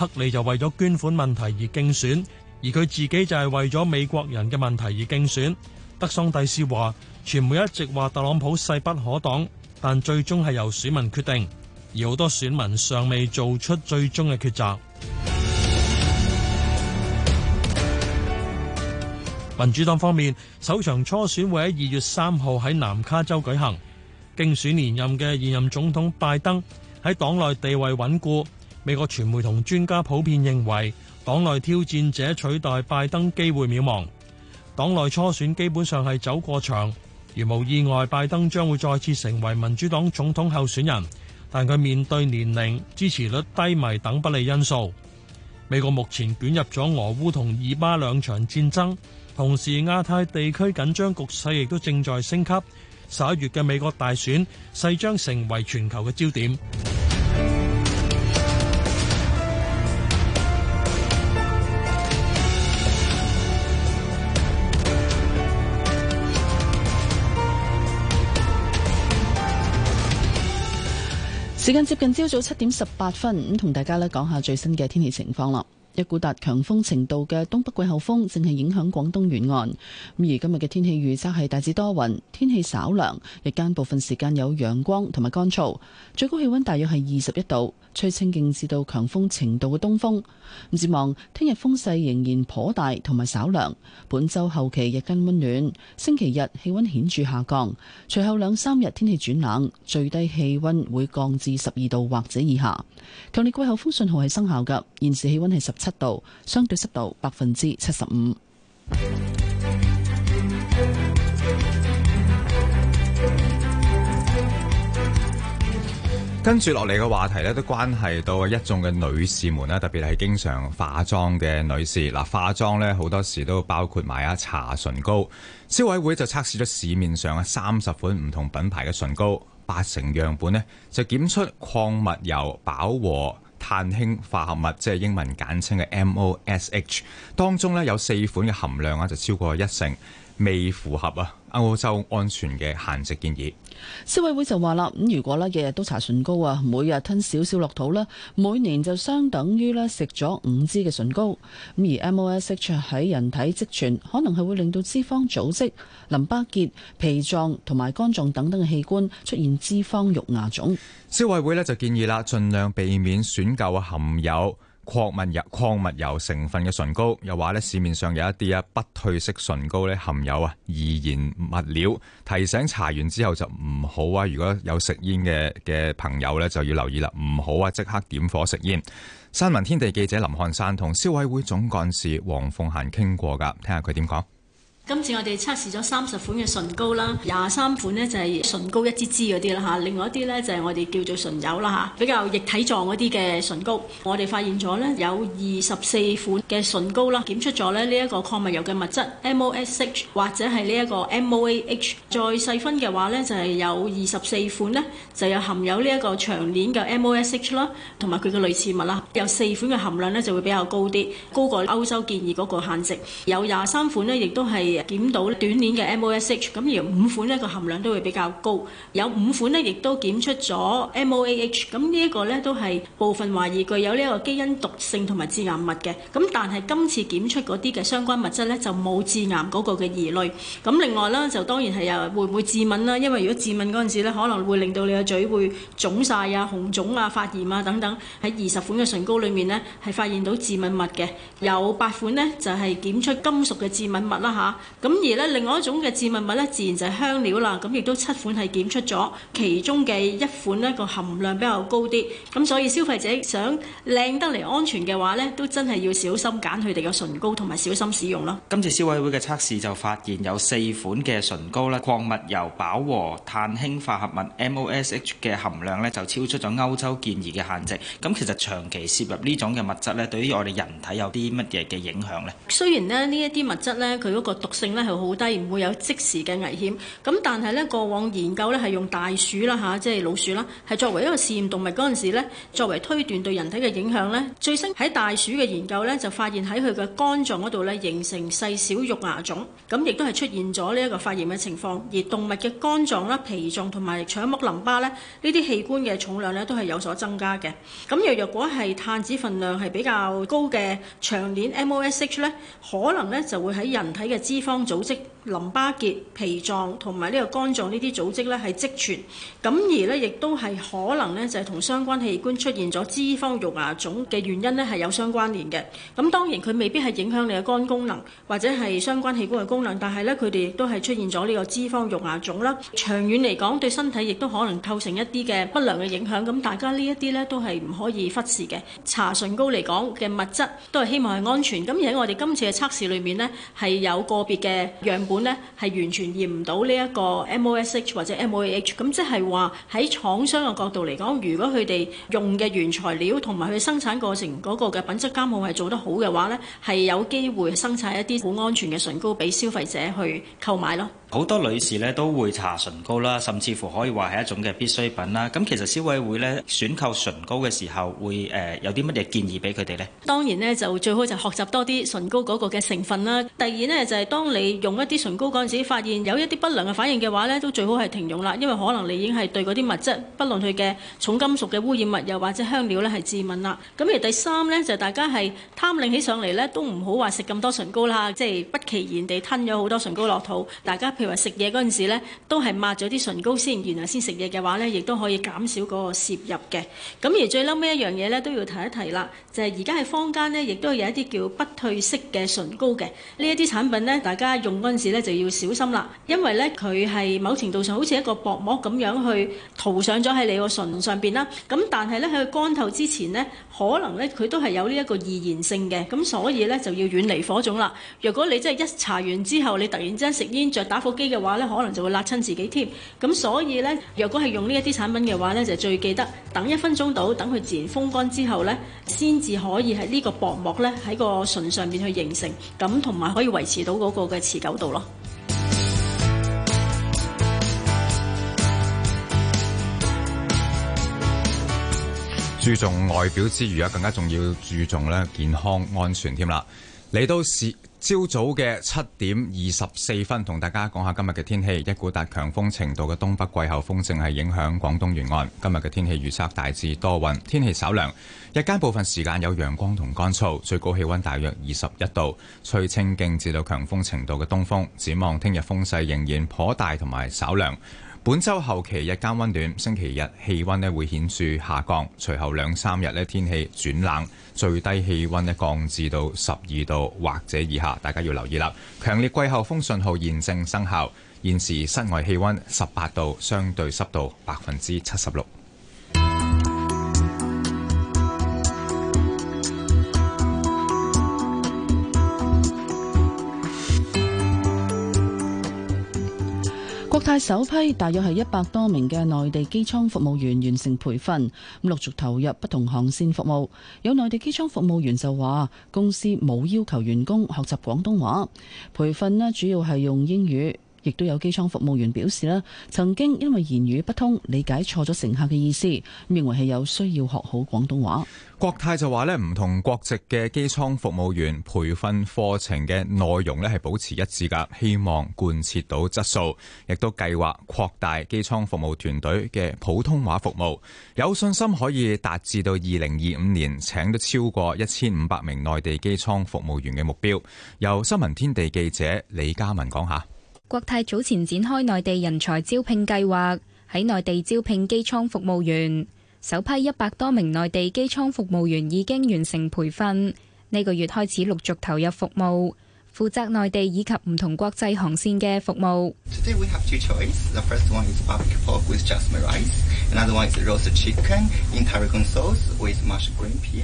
克里就為咗捐款問題而競選，而佢自己就係為咗美國人嘅問題而競選。德桑蒂斯話：傳媒一直話特朗普勢不可擋，但最終係由選民決定，而好多選民尚未做出最終嘅抉擇。民主黨方面，首場初選會喺二月三號喺南卡州舉行。競選連任嘅現任總統拜登喺黨內地位穩固。美國傳媒同專家普遍認為，黨內挑戰者取代拜登機會渺茫，黨內初選基本上係走過場。如無意外，拜登將會再次成為民主黨總統候選人，但佢面對年齡、支持率低迷等不利因素。美國目前捲入咗俄烏同以巴兩場戰爭，同時亞太地區緊張局勢亦都正在升級。十一月嘅美國大選勢將成為全球嘅焦點。時間接近朝早七點十八分，咁同大家呢講下最新嘅天氣情況啦。一股達強風程度嘅東北季候風正係影響廣東沿岸，咁而今日嘅天氣預測係大致多雲，天氣稍涼，日間部分時間有陽光同埋乾燥，最高氣温大約係二十一度。吹清勁至到強風程度嘅東風，唔指望聽日風勢仍然頗大同埋稍涼。本周後期日間溫暖，星期日氣溫顯著下降，隨後兩三日天氣轉冷，最低氣溫會降至十二度或者以下。強烈季候風信號係生效嘅，現時氣溫係十七度，相對濕度百分之七十五。跟住落嚟嘅話題咧，都關係到一眾嘅女士們啦，特別係經常化妝嘅女士嗱。化妝咧，好多時都包括埋啊搽唇膏。消委會就測試咗市面上嘅三十款唔同品牌嘅唇膏，八成樣本咧就檢出礦物油、飽和碳氫化合物，即係英文簡稱嘅 MOSH，當中咧有四款嘅含量啊就超過一成。未符合啊歐洲安全嘅限制建議，消委會就話啦，咁如果咧日日都搽唇膏啊，每日吞少少落肚咧，每年就相等於咧食咗五支嘅唇膏。咁而 MOSH 喺人體積存，可能係會令到脂肪組織、淋巴結、脾臟同埋肝臟等等嘅器官出現脂肪肉芽腫。消委會咧就建議啦，盡量避免選購含有礦物油成分嘅唇膏，又話咧，市面上有一啲啊不褪色唇膏咧含有啊易燃物料，提醒查完之後就唔好啊！如果有食煙嘅嘅朋友咧就要留意啦，唔好啊即刻點火食煙。新聞天地記者林漢山同消委會總幹事黃鳳嫺傾過㗎，聽下佢點講。今次我哋測試咗三十款嘅唇膏啦，廿三款呢，就係唇膏一支支嗰啲啦嚇，另外一啲呢，就係我哋叫做唇油啦嚇，比較液體狀嗰啲嘅唇膏。我哋發現咗呢，有二十四款嘅唇膏啦，檢出咗咧呢一個礦物油嘅物質 MOSH 或者係呢一個 MOAH。再細分嘅話呢，就係、是、有二十四款呢，就有含有呢一個長鏈嘅 MOSH 啦，同埋佢嘅類似物啦。有四款嘅含量呢，就會比較高啲，高過歐洲建議嗰個限值。有廿三款呢，亦都係。檢到短鏈嘅 MOSH，咁而五款呢個含量都會比較高，有五款呢亦都檢出咗 MOAH，咁呢一個呢，都係部分懷疑具有呢個基因毒性同埋致癌物嘅。咁但係今次檢出嗰啲嘅相關物質呢，就冇致癌嗰個嘅疑慮。咁另外啦，就當然係又會唔會致敏啦？因為如果致敏嗰陣時呢，可能會令到你個嘴會腫晒啊、紅腫啊、發炎啊等等。喺二十款嘅唇膏裏面呢，係發現到致敏物嘅，有八款呢，就係檢出金屬嘅致敏物啦嚇。咁而咧，另外一種嘅致敏物質咧，自然就係香料啦。咁亦都七款係檢出咗，其中嘅一款呢個含量比較高啲。咁所以消費者想靚得嚟安全嘅話呢，都真係要小心揀佢哋嘅唇膏，同埋小心使用咯。今次消委會嘅測試就發現有四款嘅唇膏咧，礦物油飽和碳氫化合物 MOSH 嘅含量呢，就超出咗歐洲建議嘅限制。咁其實長期攝入呢種嘅物質呢，對於我哋人體有啲乜嘢嘅影響呢？雖然呢，呢一啲物質呢，佢嗰個毒性咧係好低，唔會有即時嘅危險。咁但係咧，過往研究咧係用大鼠啦嚇，即係老鼠啦，係作為一個試驗動物嗰陣時咧，作為推斷對人體嘅影響咧。最新喺大鼠嘅研究咧，就發現喺佢嘅肝臟嗰度咧形成細小肉芽腫，咁亦都係出現咗呢一個發炎嘅情況。而動物嘅肝臟啦、脾臟同埋腸膜淋巴咧，呢啲器官嘅重量咧都係有所增加嘅。咁若若果係碳子分量係比較高嘅長鏈 MOSH 咧，可能咧就會喺人體嘅方組織、淋巴結、脾臟同埋呢個肝臟呢啲組織呢係積存，咁而呢亦都係可能呢就係同相關器官出現咗脂肪肉芽腫嘅原因呢係有相關聯嘅。咁當然佢未必係影響你嘅肝功能或者係相關器官嘅功能，但係呢，佢哋亦都係出現咗呢個脂肪肉芽腫啦。長遠嚟講對身體亦都可能構成一啲嘅不良嘅影響。咁大家呢一啲呢都係唔可以忽視嘅。查唇膏嚟講嘅物質都係希望係安全。咁而喺我哋今次嘅測試裏面呢，係有個別嘅樣本咧係完全驗唔到呢一個 MOSH 或者 MOAH，咁即係話喺廠商嘅角度嚟講，如果佢哋用嘅原材料同埋佢生產過程嗰個嘅品質監控係做得好嘅話咧，係有機會生產一啲好安全嘅唇膏俾消費者去購買咯。好多女士呢都會搽唇膏啦，甚至乎可以話係一種嘅必需品啦。咁、嗯、其實消委會呢，選購唇膏嘅時候，會誒、呃、有啲乜嘢建議俾佢哋呢？當然呢，就最好就學習多啲唇膏嗰個嘅成分啦。第二呢，就係、是、當你用一啲唇膏嗰陣時，發現有一啲不良嘅反應嘅話呢，都最好係停用啦，因為可能你已經係對嗰啲物質，不論佢嘅重金屬嘅污染物，又或者香料呢係致敏啦。咁而第三呢，就是、大家係貪靚起上嚟呢，都唔好話食咁多唇膏啦，即、就、係、是、不其然地吞咗好多唇膏落肚，大家。譬如話食嘢嗰陣時咧，都係抹咗啲唇膏先，然後先食嘢嘅話咧，亦都可以減少嗰個攝入嘅。咁而最嬲尾一樣嘢咧，都要提一提啦，就係而家喺坊間咧，亦都有一啲叫不褪色嘅唇膏嘅。呢一啲產品咧，大家用嗰陣時咧就要小心啦，因為咧佢係某程度上好似一個薄膜咁樣去塗上咗喺你個唇上邊啦。咁但係咧喺佢乾透之前咧，可能咧佢都係有呢一個易燃性嘅。咁所以咧就要遠離火種啦。若果你真係一搽完之後，你突然之間食煙、著打火機嘅話呢可能就會甩親自己添。咁所以呢，若果係用呢一啲產品嘅話呢，就最記得等一分鐘到，等佢自然風乾之後呢，先至可以喺呢個薄膜呢喺個唇上面去形成，咁同埋可以維持到嗰個嘅持久度咯。注重外表之餘啊，更加重要注重呢健康安全添啦。你都試。朝早嘅七點二十四分，同大家講下今日嘅天氣。一股達強風程度嘅東北季候風正係影響廣東沿岸。今日嘅天氣預測大致多雲，天氣稍涼，日間部分時間有陽光同乾燥，最高氣溫大約二十一度，吹清勁至到強風程度嘅東風。展望聽日風勢仍然頗大同埋稍涼。本周後期日間溫暖，星期日氣溫呢會顯著下降，隨後兩三日呢天氣轉冷，最低氣溫呢降至到十二度或者以下，大家要留意啦。強烈季候風信號現正生效，現時室外氣溫十八度，相對濕度百分之七十六。國泰首批大約係一百多名嘅內地機艙服務員完成培訓，咁陸續投入不同航線服務。有內地機艙服務員就話，公司冇要求員工學習廣東話，培訓呢主要係用英語。亦都有機艙服務員表示啦，曾經因為言語不通，理解錯咗乘客嘅意思，咁認為係有需要學好廣東話。國泰就話咧，唔同國籍嘅機艙服務員培訓課程嘅內容咧係保持一致噶希望貫徹到質素，亦都計劃擴大機艙服務團隊嘅普通話服務，有信心可以達至到二零二五年請得超過一千五百名內地機艙服務員嘅目標。由新聞天地記者李嘉文講下。國泰早前展開內地人才招聘計劃，喺內地招聘機艙服務員，首批一百多名內地機艙服務員已經完成培訓，呢、這個月開始陸續投入服務，負責內地以及唔同國際航線嘅服務。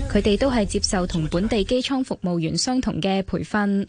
佢哋都係接受同本地機艙服務員相同嘅培訓。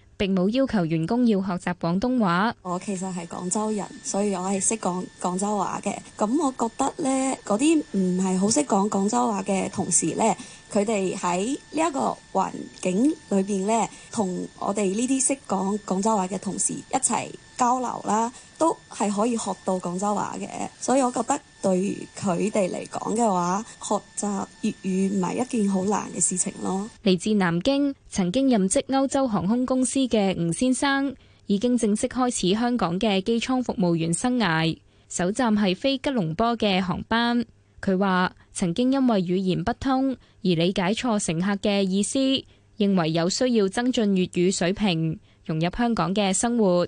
並冇要求員工要學習廣東話。我其實係廣州人，所以我係識講廣州話嘅。咁我覺得呢，嗰啲唔係好識講廣州話嘅同事呢，佢哋喺呢一個環境裏邊呢，同我哋呢啲識講廣州話嘅同事一齊。交流啦，都係可以學到廣州話嘅，所以我覺得對佢哋嚟講嘅話，學習粵語唔係一件好難嘅事情咯。嚟自南京，曾經任職歐洲航空公司嘅吳先生，已經正式開始香港嘅機艙服務員生涯，首站係飛吉隆坡嘅航班。佢話曾經因為語言不通而理解錯乘客嘅意思，認為有需要增進粵語水平，融入香港嘅生活。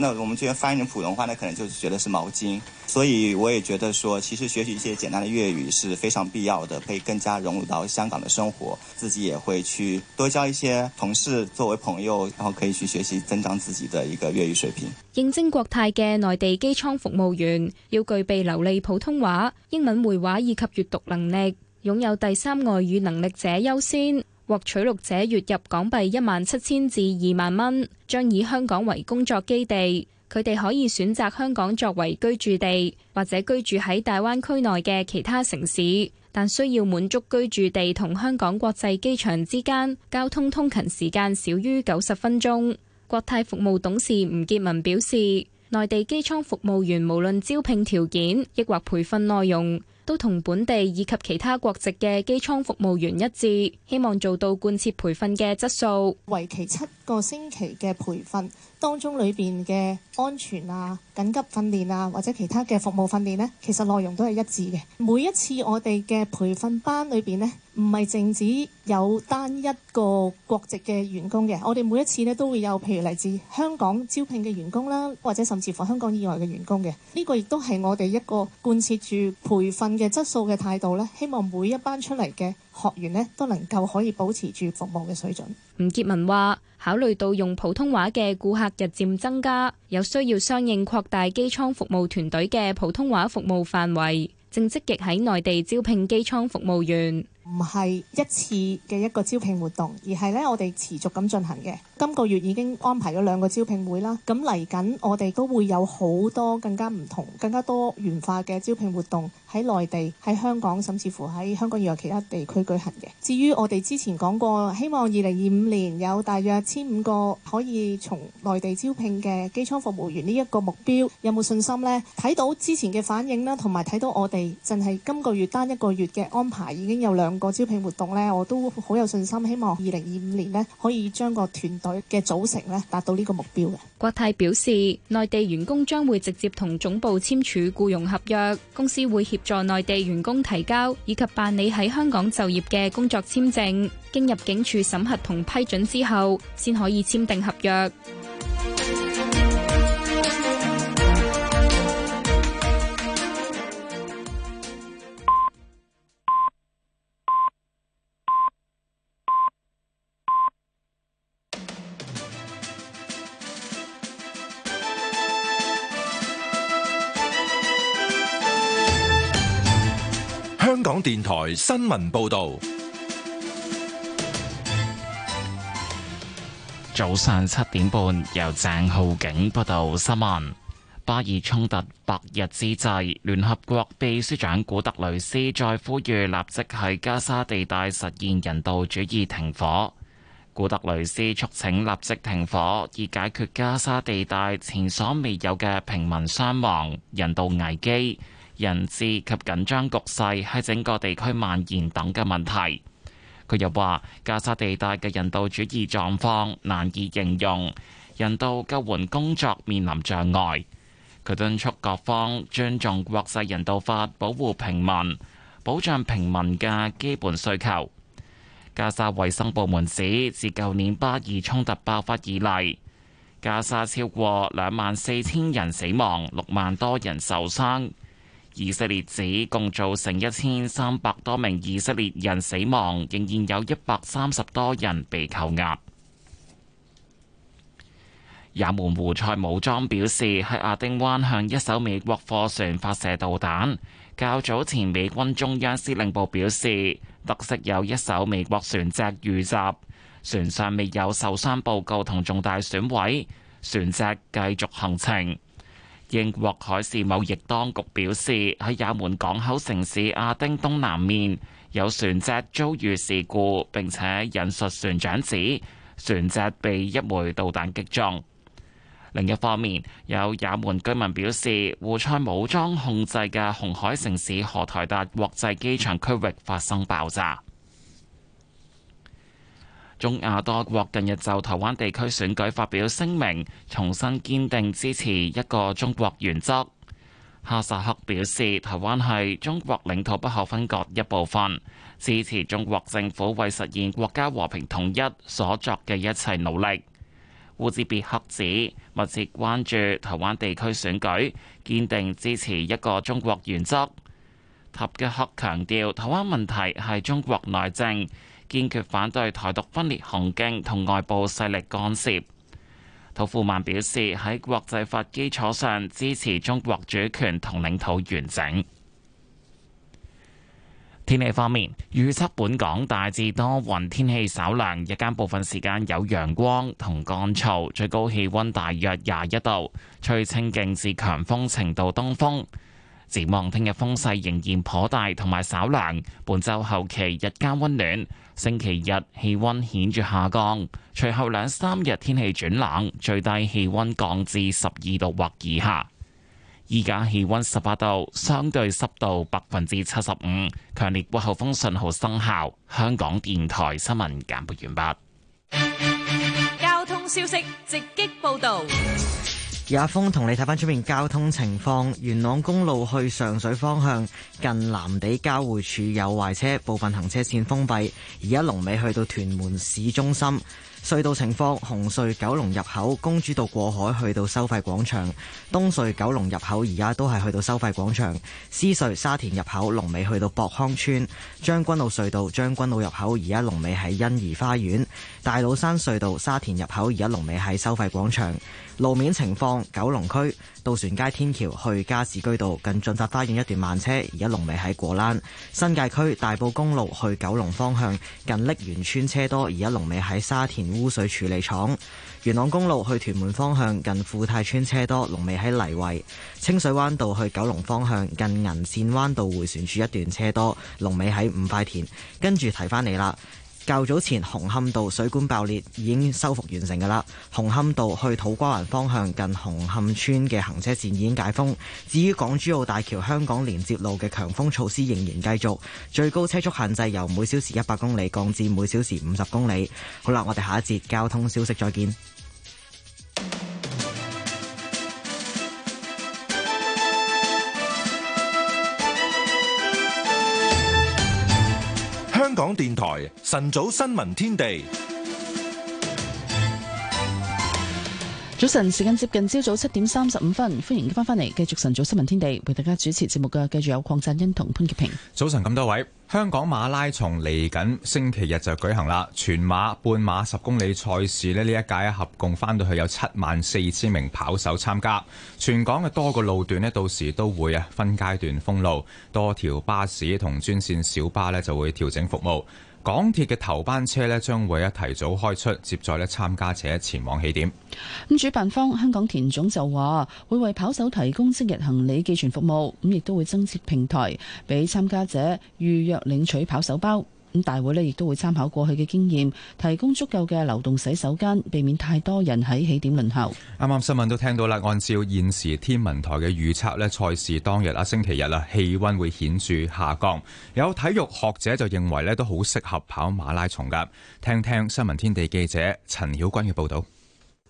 那我們這邊翻譯成普通話，那可能就是覺得是毛巾。所以我也覺得說，其實學習一些簡單的粵語是非常必要的，可以更加融入到香港的生活。自己也會去多交一些同事作為朋友，然後可以去學習，增長自己的一個粵語水平。應徵國泰嘅內地機艙服務員，要具備流利普通話、英文會話以及閱讀能力，擁有第三外語能力者優先。獲取錄者月入港幣一萬七千至二萬蚊，將以香港為工作基地。佢哋可以選擇香港作為居住地，或者居住喺大灣區內嘅其他城市，但需要滿足居住地同香港國際機場之間交通通勤時間少於九十分鐘。國泰服務董事吳傑文表示，內地機艙服務員無論招聘條件抑或培訓內容，都同本地以及其他國籍嘅機艙服務員一致，希望做到貫徹培訓嘅質素。為期七個星期嘅培訓。當中裏邊嘅安全啊、緊急訓練啊，或者其他嘅服務訓練呢，其實內容都係一致嘅。每一次我哋嘅培訓班裏邊呢，唔係淨止有單一個國籍嘅員工嘅，我哋每一次呢，都會有，譬如嚟自香港招聘嘅員工啦，或者甚至乎香港以外嘅員工嘅。呢個亦都係我哋一個貫徹住培訓嘅質素嘅態度呢。希望每一班出嚟嘅學員呢，都能夠可以保持住服務嘅水準。吳潔文話，考慮到用普通話嘅顧客日漸增加，有需要相應擴大機艙服務團隊嘅普通話服務範圍，正積極喺內地招聘機艙服務員。唔係一次嘅一個招聘活動，而係咧，我哋持續咁進行嘅。今個月已經安排咗兩個招聘會啦。咁嚟緊我哋都會有好多更加唔同、更加多元化嘅招聘活動，喺內地、喺香港，甚至乎喺香港以外其他地區舉行嘅。至於我哋之前講過，希望二零二五年有大約千五個可以從內地招聘嘅機艙服務員呢一個目標，有冇信心咧？睇到之前嘅反應啦，同埋睇到我哋淨係今個月單一個月嘅安排已經有兩。個招聘活動呢，我都好有信心，希望二零二五年呢，可以將個團隊嘅組成呢達到呢個目標嘅。國泰表示，內地員工將會直接同總部簽署僱傭合約，公司會協助內地員工提交以及辦理喺香港就業嘅工作簽證，經入境處審核同批准之後，先可以簽訂合約。香港電台新聞報道，早上七點半，由鄭浩景報道新聞。巴以衝突百日之際，聯合國秘書長古特雷斯再呼籲立即喺加沙地帶實現人道主義停火。古特雷斯促請立即停火，以解決加沙地帶前所未有嘅平民傷亡、人道危機。人質及緊張局勢喺整個地區蔓延等嘅問題。佢又話，加沙地帶嘅人道主義狀況難以形容，人道救援工作面臨障礙。佢敦促各方尊重國際人道法，保護平民，保障平民嘅基本需求。加沙衛生部門指，自舊年巴以衝突爆發以嚟，加沙超過兩萬四千人死亡，六萬多人受傷。以色列指共造成一千三百多名以色列人死亡，仍然有一百三十多人被扣押。也門胡塞武裝表示喺亞丁灣向一艘美國貨船發射導彈。較早前美軍中央司令部表示，得悉有一艘美國船隻遇襲，船上未有受傷報告同重大損毀，船隻繼續行程。英國海事貿易當局表示，喺也門港口城市亞丁東南面有船隻遭遇事故，並且引述船長指，船隻被一枚導彈擊中。另一方面，有也門居民表示，胡塞武裝控制嘅紅海城市荷台達國際機場區域發生爆炸。中亞多國近日就台灣地區選舉發表聲明，重新堅定支持一個中國原則。哈薩克表示，台灣係中國領土不可分割一部分，支持中國政府為實現國家和平統一所作嘅一切努力。烏茲別克指，密切關注台灣地區選舉，堅定支持一個中國原則。塔吉克強調，台灣問題係中國內政。堅決反對台獨分裂行徑同外部勢力干涉。土庫曼表示，喺國際法基礎上支持中國主權同領土完整。天氣方面，預測本港大致多雲天氣，稍涼，日間部分時間有陽光同乾燥，最高氣溫大約廿一度，吹清勁至強風程度東風。展望聽日風勢仍然頗大同埋稍涼，本周後期日間溫暖。星期日氣温顯著下降，隨後兩三日天氣轉冷，最低氣温降至十二度或以下。依家氣温十八度，相對濕度百分之七十五，強烈季候風信號生效。香港電台新聞簡報完畢。交通消息直擊報導。而阿峰同你睇翻出面交通情況，元朗公路去上水方向近藍地交匯處有壞車，部分行車線封閉。而家龍尾去到屯門市中心隧道情況，紅隧九龍入口公主道過海去到收費廣場，東隧九龍入口而家都係去到收費廣場，獅隧沙田入口龍尾去到博康村，將軍澳隧道將軍澳入口而家龍尾喺欣怡花園，大老山隧道沙田入口而家龍尾喺收費廣場。路面情況：九龍區渡船街天橋去加士居道近俊發花園一段慢車，而家龍尾喺果欄；新界區大埔公路去九龍方向近瀝源村車多，而家龍尾喺沙田污水處理廠；元朗公路去屯門方向近富泰村車多，龍尾喺泥圍；清水灣道去九龍方向近銀線灣道回旋處一段車多，龍尾喺五塊田。跟住提翻你啦。較早前紅磡道水管爆裂已經修復完成噶啦，紅磡道去土瓜灣方向近紅磡村嘅行車線已經解封。至於港珠澳大橋香港連接路嘅強風措施仍然繼續，最高車速限制由每小時一百公里降至每小時五十公里。好啦，我哋下一節交通消息再見。香港電台晨早新聞天地。早晨，時間接近朝早七點三十五分，歡迎翻返嚟繼續晨早新聞天地，為大家主持節目嘅，繼續有鄺振欣同潘潔平。早晨咁多位，香港馬拉松嚟緊星期日就舉行啦，全馬、半馬、十公里賽事咧，呢一屆合共翻到去有七萬四千名跑手參加，全港嘅多個路段咧，到時都會啊分階段封路，多條巴士同專線小巴咧就會調整服務。港鐵嘅頭班車咧，將會一提早開出，接載咧參加者前往起點。咁主辦方香港田總就話，會為跑手提供即日行李寄存服務，咁亦都會增設平台俾參加者預約領取跑手包。咁大會呢亦都會參考過去嘅經驗，提供足夠嘅流動洗手間，避免太多人喺起點輪候。啱啱新聞都聽到啦，按照現時天文台嘅預測呢，賽事當日啊星期日啊，氣温會顯著下降。有體育學者就認為呢都好適合跑馬拉松㗎。聽聽新聞天地記者陳曉君嘅報導。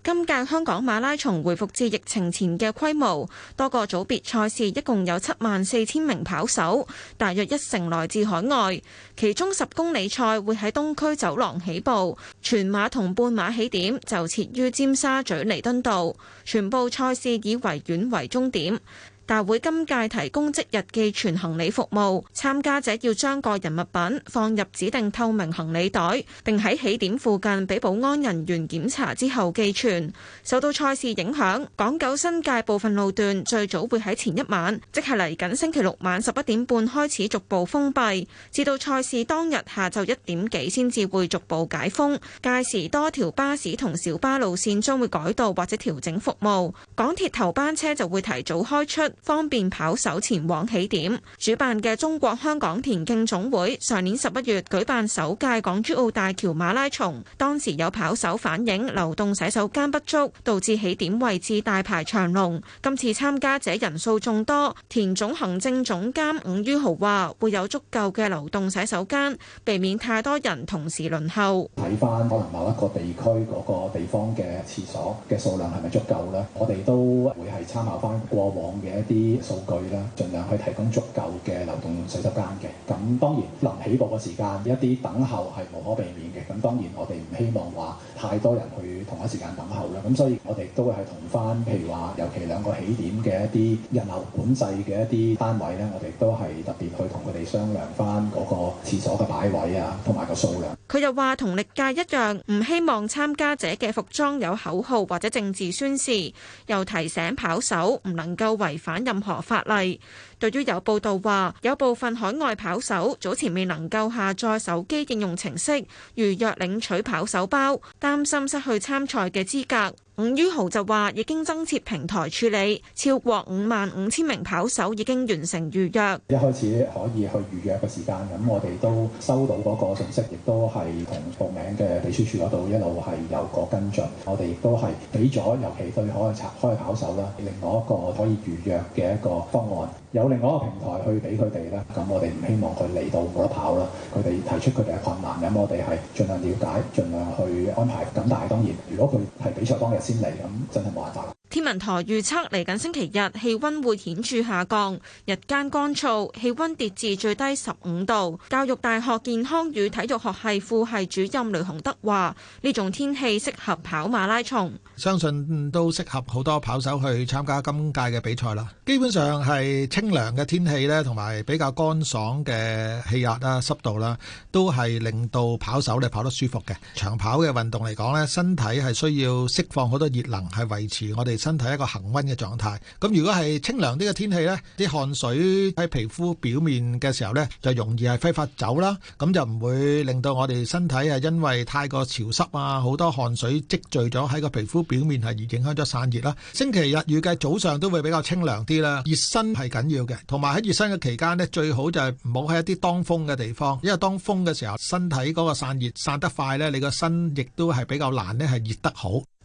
今屆香港馬拉松回復至疫情前嘅規模，多個組別賽事一共有七萬四千名跑手，大約一成來自海外。其中十公里賽會喺東區走廊起步，全馬同半馬起點就設於尖沙咀彌敦道，全部賽事以維園為終點。大會今屆提供即日寄存行李服務，參加者要將個人物品放入指定透明行李袋，並喺起點附近俾保安人員檢查之後寄存。受到賽事影響，港九新界部分路段最早會喺前一晚，即係嚟緊星期六晚十一點半開始逐步封閉，至到賽事當日下晝一點幾先至會逐步解封。屆時多條巴士同小巴路線將會改道或者調整服務，港鐵頭班車就會提早開出。方便跑手前往起點。主辦嘅中國香港田徑總會上年十一月舉辦首屆港珠澳大橋馬拉松，當時有跑手反映流動洗手間不足，導致起點位置大排長龍。今次參加者人數眾多，田總行政總監伍於豪話會有足夠嘅流動洗手間，避免太多人同時輪候。睇翻可能某一個地區嗰個地方嘅廁所嘅數量係咪足夠咧？我哋都會係參考翻過往嘅。啲數據啦，盡量去提供足夠嘅流動洗手間嘅。咁當然臨起步嘅時間，一啲等候係無可避免嘅。咁當然我哋唔希望話太多人去同一時間等候啦。咁所以，我哋都會係同翻譬如話，尤其兩個起點嘅一啲人流管制嘅一啲單位咧，我哋都係特別去同佢哋商量翻嗰個廁所嘅擺位啊，同埋個數量。佢又話同歷屆一樣，唔希望參加者嘅服裝有口號或者政治宣示，又提醒跑手唔能夠違反。任何法例。對於有報道話有部分海外跑手早前未能夠下載手機應用程式預約領取跑手包，擔心失去參賽嘅資格。伍於豪就話已經增設平台處理，超過五萬五千名跑手已經完成預約。一開始可以去預約嘅時間咁，我哋都收到嗰個信息，亦都係同報名嘅秘書處嗰度一路係有個跟進。我哋亦都係俾咗，尤其可以拆開跑手啦，另外一個可以預約嘅一個方案。有另外一個平台去俾佢哋咧，咁我哋唔希望佢嚟到冇得跑啦。佢哋提出佢哋嘅困難，咁我哋係盡量了解，盡量去安排。咁但係當然，如果佢係比賽當日先嚟，咁真係冇辦法。天文台預測嚟緊星期日氣溫會顯著下降，日間乾燥，氣溫跌至最低十五度。教育大學健康與體育學系副系主任雷洪德話呢種天氣適合跑馬拉松，相信都適合好多跑手去參加今屆嘅比賽啦。基本上係清涼嘅天氣咧，同埋比較乾爽嘅氣壓啦、濕度啦，都係令到跑手你跑得舒服嘅。長跑嘅運動嚟講咧，身體係需要釋放好多熱能，係維持我哋。身體一個恆温嘅狀態，咁如果係清涼啲嘅天氣，呢啲汗水喺皮膚表面嘅時候呢，就容易係揮發走啦，咁就唔會令到我哋身體係因為太過潮濕啊，好多汗水積聚咗喺個皮膚表面係而影響咗散熱啦。星期日預計早上都會比較清涼啲啦，熱身係緊要嘅，同埋喺熱身嘅期間呢，最好就係唔好喺一啲當風嘅地方，因為當風嘅時候，身體嗰個散熱散得快呢，你個身亦都係比較難呢係熱得好。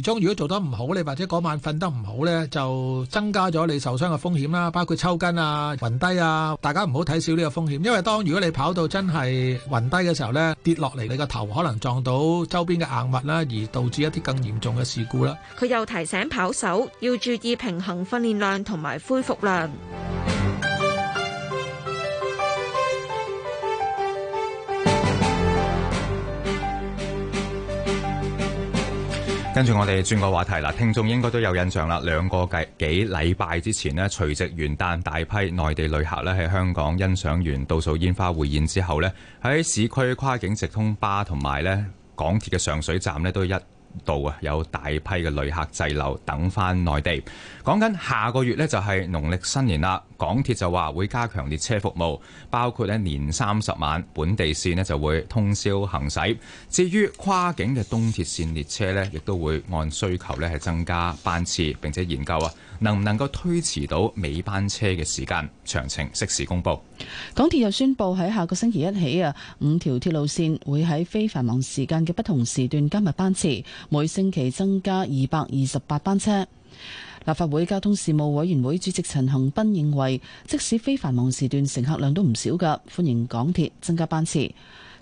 其中如果做得唔好，你或者嗰晚瞓得唔好呢，就增加咗你受傷嘅風險啦，包括抽筋啊、暈低啊。大家唔好睇少呢個風險，因為當如果你跑到真係暈低嘅時候呢，跌落嚟你個頭可能撞到周邊嘅硬物啦，而導致一啲更嚴重嘅事故啦。佢又提醒跑手要注意平衡訓練量同埋恢復量。跟住我哋轉個話題啦，聽眾應該都有印象啦，兩個計幾禮拜之前咧，除夕元旦大批內地旅客咧喺香港欣賞完倒數煙花匯演之後咧，喺市區跨境直通巴同埋咧港鐵嘅上水站咧都一度啊，有大批嘅旅客滯留等翻內地。講緊下個月呢，就係農曆新年啦。港鐵就話會加強列車服務，包括呢，年三十晚本地綫呢就會通宵行駛。至於跨境嘅東鐵綫列車呢，亦都會按需求呢係增加班次，並且研究啊，能唔能夠推遲到尾班車嘅時間。詳情即時公布。港鐵又宣布喺下個星期一起啊，五條鐵路線會喺非繁忙時間嘅不同時段加密班次，每星期增加二百二十八班車。立法會交通事務委員會主席陳恒斌認為，即使非繁忙時段乘客量都唔少㗎，歡迎港鐵增加班次。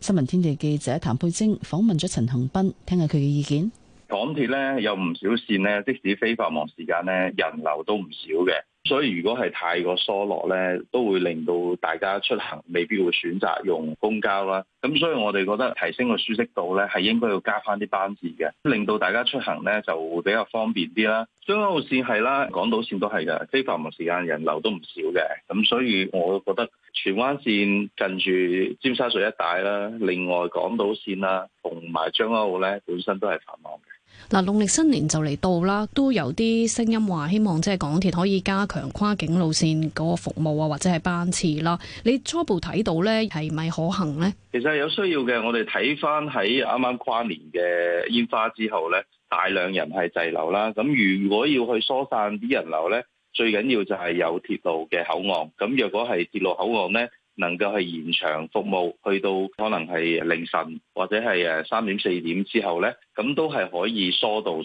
新聞天地記者譚佩晶訪問咗陳恒斌，聽下佢嘅意見。港鐵呢，有唔少線呢，即使非繁忙時間呢，人流都唔少嘅。所以如果係太過疏落咧，都會令到大家出行未必會選擇用公交啦。咁所以我哋覺得提升個舒適度咧，係應該要加翻啲班次嘅，令到大家出行咧就會比較方便啲啦。將軍澳線係啦，港島線都係嘅，非繁忙時間人流都唔少嘅。咁所以我覺得荃灣線近住尖沙咀一帶啦，另外港島線啦同埋將軍澳咧本身都係繁忙嘅。嗱，農曆新年就嚟到啦，都有啲聲音話希望即係港鐵可以加強跨境路線嗰個服務啊，或者係班次啦。你初步睇到咧，係咪可行呢？其實有需要嘅，我哋睇翻喺啱啱跨年嘅煙花之後咧，大量人係滯留啦。咁如果要去疏散啲人流咧，最緊要就係有鐵路嘅口岸。咁若果係鐵路口岸咧，能夠係延長服務去到可能係凌晨或者係誒三點四點之後呢，咁都係可以疏導咗誒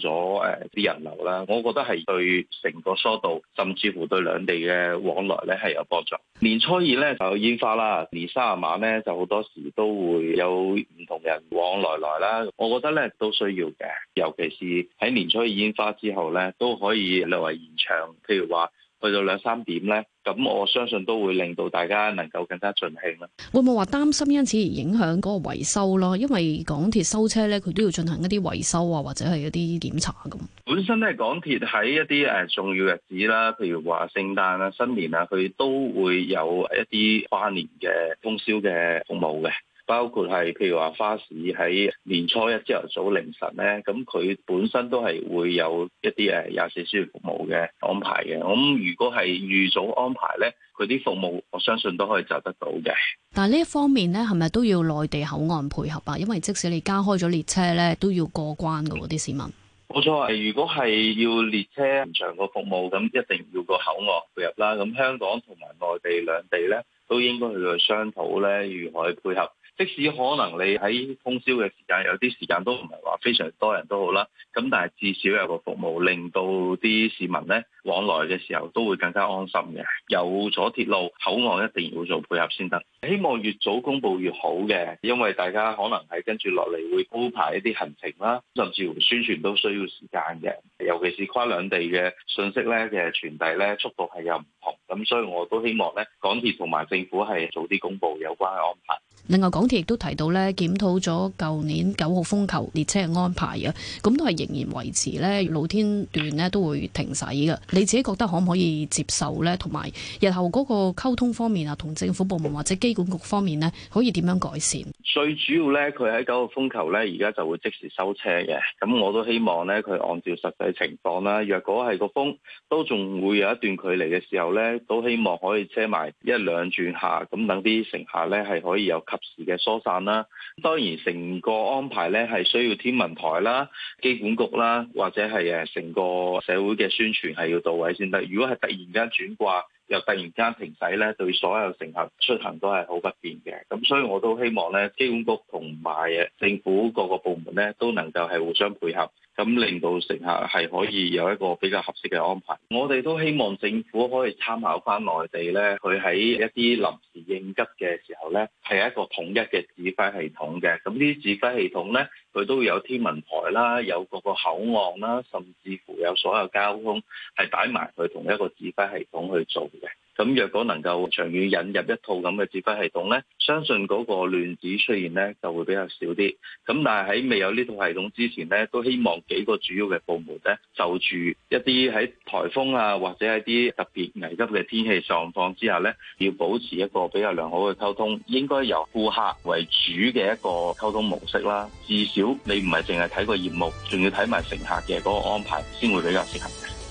啲人流啦。我覺得係對成個疏導，甚至乎對兩地嘅往來呢係有幫助。年初二呢，就有煙花啦，年卅晚呢，就好多時都會有唔同人往來來啦。我覺得呢都需要嘅，尤其是喺年初二煙花之後呢，都可以略為延長，譬如話，去到兩三點咧，咁我相信都會令到大家能夠更加盡興啦。會唔會話擔心因此而影響嗰個維修咯？因為港鐵收車咧，佢都要進行一啲維修啊，或者係一啲檢查咁。本身咧，港鐵喺一啲誒重要日子啦，譬如話聖誕啊、新年啊，佢都會有一啲跨年嘅通宵嘅服務嘅。包括係譬如話花市喺年初一朝頭早凌晨咧，咁佢本身都係會有一啲誒廿四小時服務嘅安排嘅。咁如果係預早安排咧，佢啲服務我相信都可以就得到嘅。但係呢一方面咧，係咪都要內地口岸配合啊？因為即使你加開咗列車咧，都要過關㗎喎，啲市民。冇錯啊，如果係要列車延長個服務，咁一定要個口岸配合啦。咁香港同埋內地兩地咧，都應該去到商討咧如何去配合。即使可能你喺通宵嘅時間，有啲時間都唔係話非常多人都好啦。咁但係至少有個服務令到啲市民咧往來嘅時候都會更加安心嘅。有咗鐵路口岸，一定要做配合先得。希望越早公布越好嘅，因為大家可能係跟住落嚟會鋪排一啲行程啦，甚至乎宣傳都需要時間嘅。尤其是跨兩地嘅信息咧嘅傳遞咧，速度係有唔同咁，所以我都希望咧，港鐵同埋政府係早啲公布有關嘅安排。另外港鐵亦都提到咧，檢討咗舊年九號風球列車嘅安排啊，咁都係仍然維持咧，露天段咧都會停駛嘅。你自己覺得可唔可以接受咧？同埋日後嗰個溝通方面啊，同政府部門或者機管局方面咧，可以點樣改善？最主要咧，佢喺九號風球咧，而家就會即時收車嘅。咁我都希望咧，佢按照實際情況啦。若果係個風都仲會有一段距離嘅時候咧，都希望可以車埋一兩轉下，咁等啲乘客咧，係可以有。及時嘅疏散啦，當然成個安排咧，係需要天文台啦、機管局啦，或者係誒成個社會嘅宣傳係要到位先得。如果係突然間轉掛又突然間停駛咧，對所有乘客出行都係好不便嘅。咁所以我都希望咧，機管局同埋誒政府各個部門咧都能夠係互相配合。咁令到乘客係可以有一個比較合適嘅安排。我哋都希望政府可以參考翻內地咧，佢喺一啲臨時應急嘅時候咧，係一個統一嘅指揮系統嘅。咁呢啲指揮系統咧，佢都會有天文台啦，有各個口岸啦，甚至乎有所有交通係擺埋佢同一個指揮系統去做嘅。咁若果能夠長遠引入一套咁嘅指揮系統咧，相信嗰個亂子出現咧就會比較少啲。咁但係喺未有呢套系統之前咧，都希望幾個主要嘅部門咧，就住一啲喺台風啊或者一啲特別危急嘅天氣狀況之下咧，要保持一個比較良好嘅溝通，應該由顧客為主嘅一個溝通模式啦。至少你唔係淨係睇個業務，仲要睇埋乘客嘅嗰個安排，先會比較適合。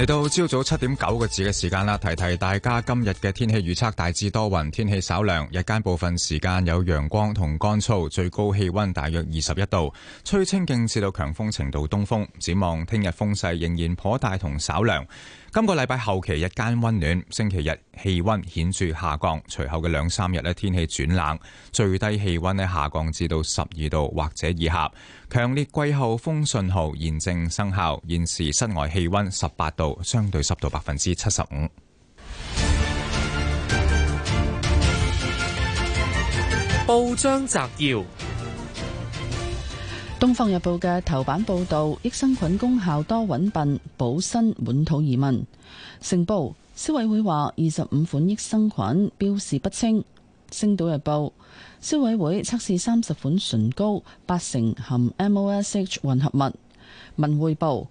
嚟到朝早七點九個字嘅時間啦，提提大家今日嘅天氣預測，大致多雲，天氣稍涼，日間部分時間有陽光同乾燥，最高氣溫大約二十一度，吹清勁至到強風程度東風。展望聽日風勢仍然頗大同稍涼。今個禮拜後期日間溫暖，星期日氣溫顯著下降，隨後嘅兩三日呢，天氣轉冷，最低氣溫呢，下降至到十二度或者以下。強烈季候風信號現正生效，現時室外氣溫十八度，相對濕度百分之七十五。報章摘要。《東方日報》嘅頭版報道益生菌功效多揾笨、補身；滿肚疑問。《成報》消委會話二十五款益生菌標示不清。《星島日報》消委會測試三十款唇膏，八成含 MOSH 混合物。《文匯報》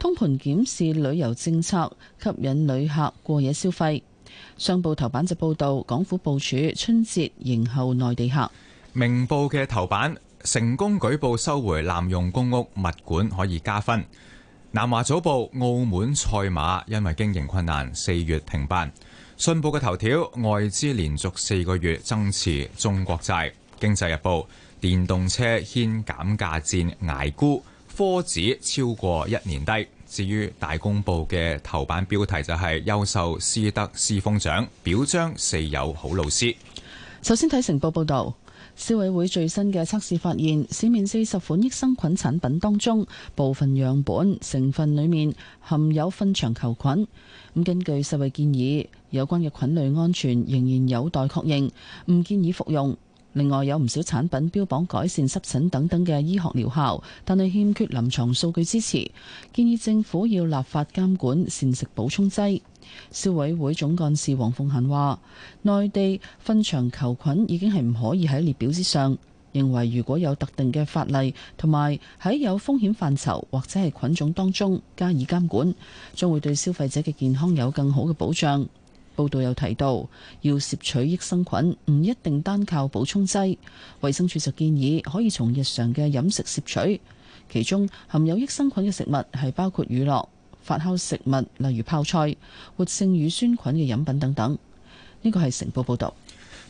通盤檢視旅遊政策，吸引旅客過夜消費。《商報》頭版就報道港府部署春節迎候內地客。《明報》嘅頭版。成功舉報收回濫用公屋，物管可以加分。南華早報，澳門賽馬因為經營困難四月停辦。信報嘅頭條，外資連續四個月增持中國債。經濟日報，電動車掀減價戰捱沽，科指超過一年低。至於大公報嘅頭版標題就係優秀師德師風獎，表彰四有好老師。首先睇成報報道。消委會最新嘅測試發現，市面四十款益生菌產品當中，部分樣本成分裏面含有分腸球菌。咁根據世衛建議，有關嘅菌類安全仍然有待確認，唔建議服用。另外有唔少產品標榜改善濕疹等等嘅醫學療效，但係欠缺臨床數據支持。建議政府要立法監管膳食補充劑。消委會總幹事黃鳳嫺話：內地糞腸球菌已經係唔可以喺列表之上。認為如果有特定嘅法例同埋喺有風險範疇或者係菌種當中加以監管，將會對消費者嘅健康有更好嘅保障。報道有提到，要攝取益生菌唔一定單靠補充劑，衛生署就建議可以從日常嘅飲食攝取，其中含有益生菌嘅食物係包括乳酪、發酵食物，例如泡菜、活性乳酸菌嘅飲品等等。呢個係成報報導。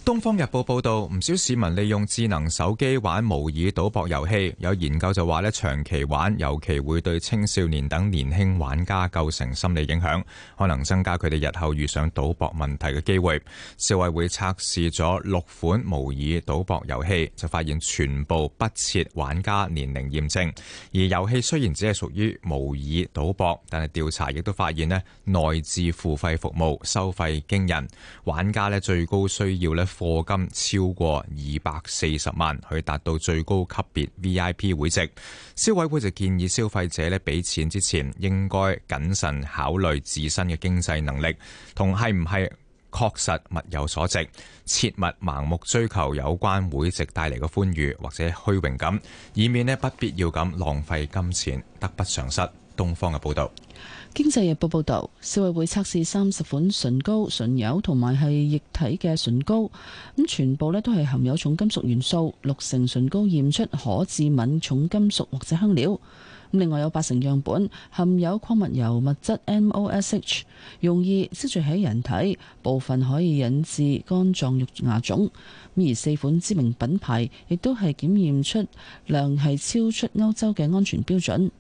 《東方日報》報道，唔少市民利用智能手機玩模擬賭博遊戲。有研究就話咧，長期玩尤其會對青少年等年輕玩家構成心理影響，可能增加佢哋日後遇上賭博問題嘅機會。消委會測試咗六款模擬賭博遊戲，就發現全部不設玩家年齡驗證。而遊戲雖然只係屬於模擬賭博，但係調查亦都發現，呢內置付費服務收費驚人，玩家呢最高需要呢。貨金超過二百四十萬，去達到最高級別 VIP 會籍。消委會就建議消費者咧，俾錢之前應該謹慎考慮自身嘅經濟能力，同係唔係確實物有所值，切勿盲目追求有關會籍帶嚟嘅歡愉或者虛榮感，以免呢不必要咁浪費金錢，得不償失。東方嘅報道。經濟日報報導，消委會測試三十款唇膏、唇油同埋係液體嘅唇膏，咁全部咧都係含有重金屬元素，六成唇膏驗出可致敏重金屬或者香料，另外有八成樣本含有礦物油物質 MOSH，容易積聚喺人體，部分可以引致肝臟肉芽腫。而四款知名品牌亦都係檢驗出量係超出歐洲嘅安全標準。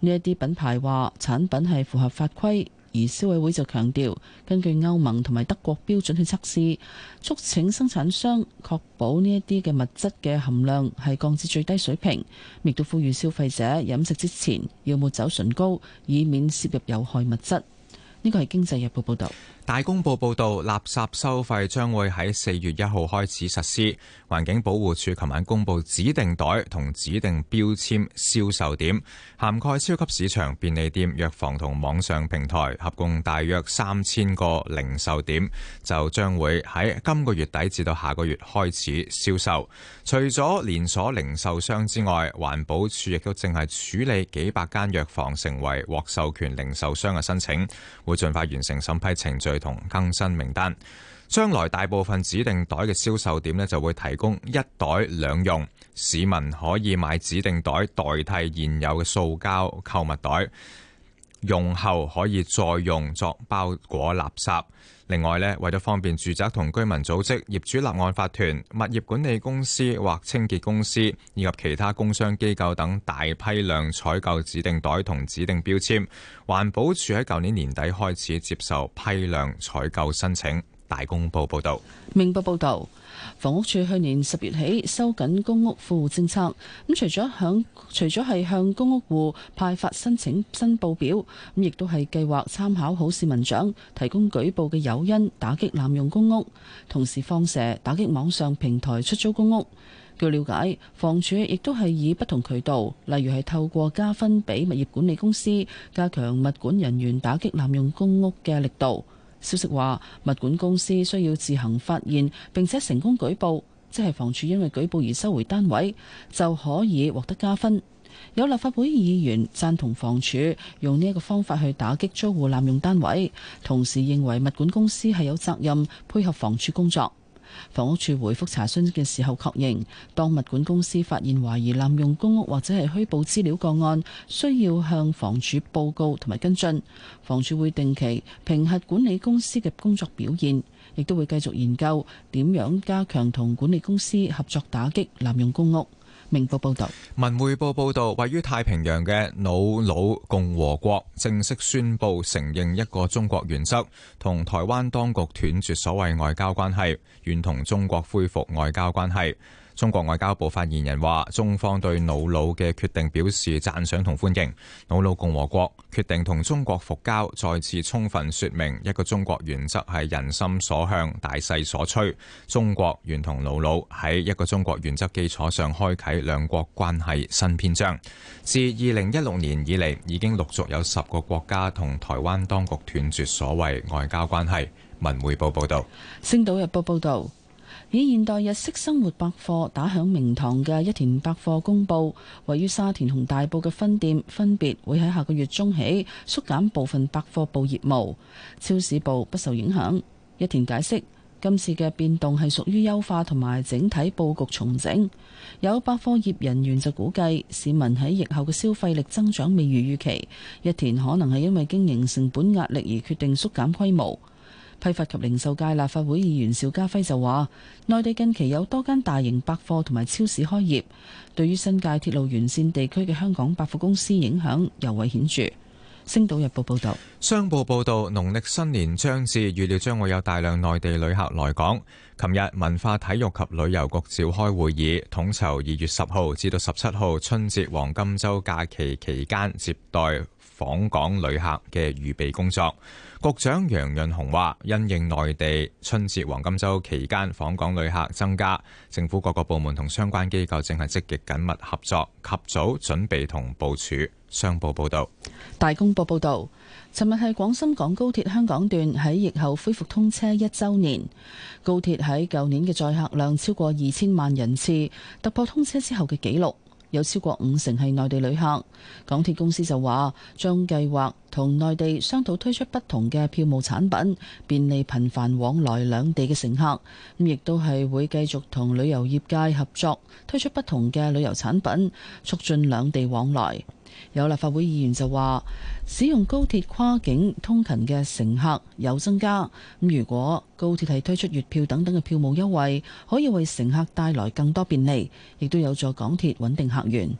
呢一啲品牌話產品係符合法規，而消委會就強調根據歐盟同埋德國標準去測試，促請生產商確保呢一啲嘅物質嘅含量係降至最低水平，亦都呼籲消費者飲食之前要抹走唇膏，以免攝入有害物質。呢個係《經濟日報》報導。大公報報導，垃圾收費將會喺四月一號開始實施。環境保護署琴晚公布指定袋同指定標籤銷售點，涵蓋超級市場、便利店、藥房同網上平台，合共大約三千個零售點，就將會喺今個月底至到下個月開始銷售。除咗連鎖零售商之外，環保署亦都淨係處理幾百間藥房成為獲授權零售商嘅申請，會盡快完成審批程序。同更新名單，將來大部分指定袋嘅銷售點呢，就會提供一袋兩用，市民可以買指定袋代替現有嘅塑膠購物袋，用後可以再用作包裹垃圾。另外呢，為咗方便住宅同居民組織、業主立案法團、物業管理公司或清潔公司以及其他工商機構等大批量採購指定袋同指定標籤，環保署喺舊年年底開始接受批量採購申請。大公報報道，明報報道。房屋處去年十月起收緊公屋富戶政策，咁除咗向，除咗係向公屋戶派發申請申報表，咁亦都係計劃參考好市民獎，提供舉報嘅誘因，打擊濫用公屋，同時放蛇打擊網上平台出租公屋。據了解，房署亦都係以不同渠道，例如係透過加分俾物業管理公司，加強物管人員打擊濫用公屋嘅力度。消息話，物管公司需要自行發現並且成功舉報，即係房署因為舉報而收回單位，就可以獲得加分。有立法會議員贊同房署用呢一個方法去打擊租戶濫用單位，同時認為物管公司係有責任配合房署工作。房屋處回覆查詢嘅時候確認，確認當物管公司發現懷疑濫用公屋或者係虛報資料個案，需要向房署報告同埋跟進。房署會定期評核管理公司嘅工作表現，亦都會繼續研究點樣加強同管理公司合作，打擊濫用公屋。明報報道，文匯報報導，位於太平洋嘅瑙魯共和國正式宣佈承認一個中國原則，同台灣當局斷絕所謂外交關係，願同中國恢復外交關係。中國外交部發言人話：中方對瑙魯嘅決定表示讚賞同歡迎。瑙魯共和國決定同中國復交，再次充分說明一個中國原則係人心所向、大勢所趨。中國願同瑙魯喺一個中國原則基礎上開啟兩國關係新篇章。自二零一六年以嚟，已經陸續有十個國家同台灣當局斷絕所謂外交關係。文匯報報道，《星島日報》報道。以現代日式生活百貨打響名堂嘅一田百貨公佈，位於沙田同大埔嘅分店分別會喺下個月中起縮減部分百貨部業務，超市部不受影響。一田解釋，今次嘅變動係屬於優化同埋整體佈局重整。有百貨業人員就估計，市民喺疫後嘅消費力增長未如預期，一田可能係因為經營成本壓力而決定縮減規模。批發及零售界立法會議員邵家輝就話，內地近期有多間大型百貨同埋超市開業，對於新界鐵路沿線地區嘅香港百貨公司影響尤為顯著。星島日報報道，商報報道，農曆新年將至，預料將會有大量內地旅客來港。琴日文化體育及旅遊局召開會議，統籌二月十號至到十七號春節黃金週假期期間接待訪港旅客嘅預備工作。局長楊潤雄話，因應內地春節黃金周期間訪港旅客增加，政府各個部門同相關機構正係積極緊密合作，及早準備同部署。商報報道，大公報報道，尋日係廣深港高鐵香港段喺疫後恢復通車一周年，高鐵喺舊年嘅載客量超過二千萬人次，突破通車之後嘅紀錄。有超過五成係內地旅客，港鐵公司就話將計劃同內地商討推出不同嘅票務產品，便利頻繁往來兩地嘅乘客。亦都係會繼續同旅遊業界合作，推出不同嘅旅遊產品，促進兩地往來。有立法會議員就話，使用高鐵跨境通勤嘅乘客有增加。咁如果高鐵係推出月票等等嘅票務優惠，可以為乘客帶來更多便利，亦都有助港鐵穩定客源。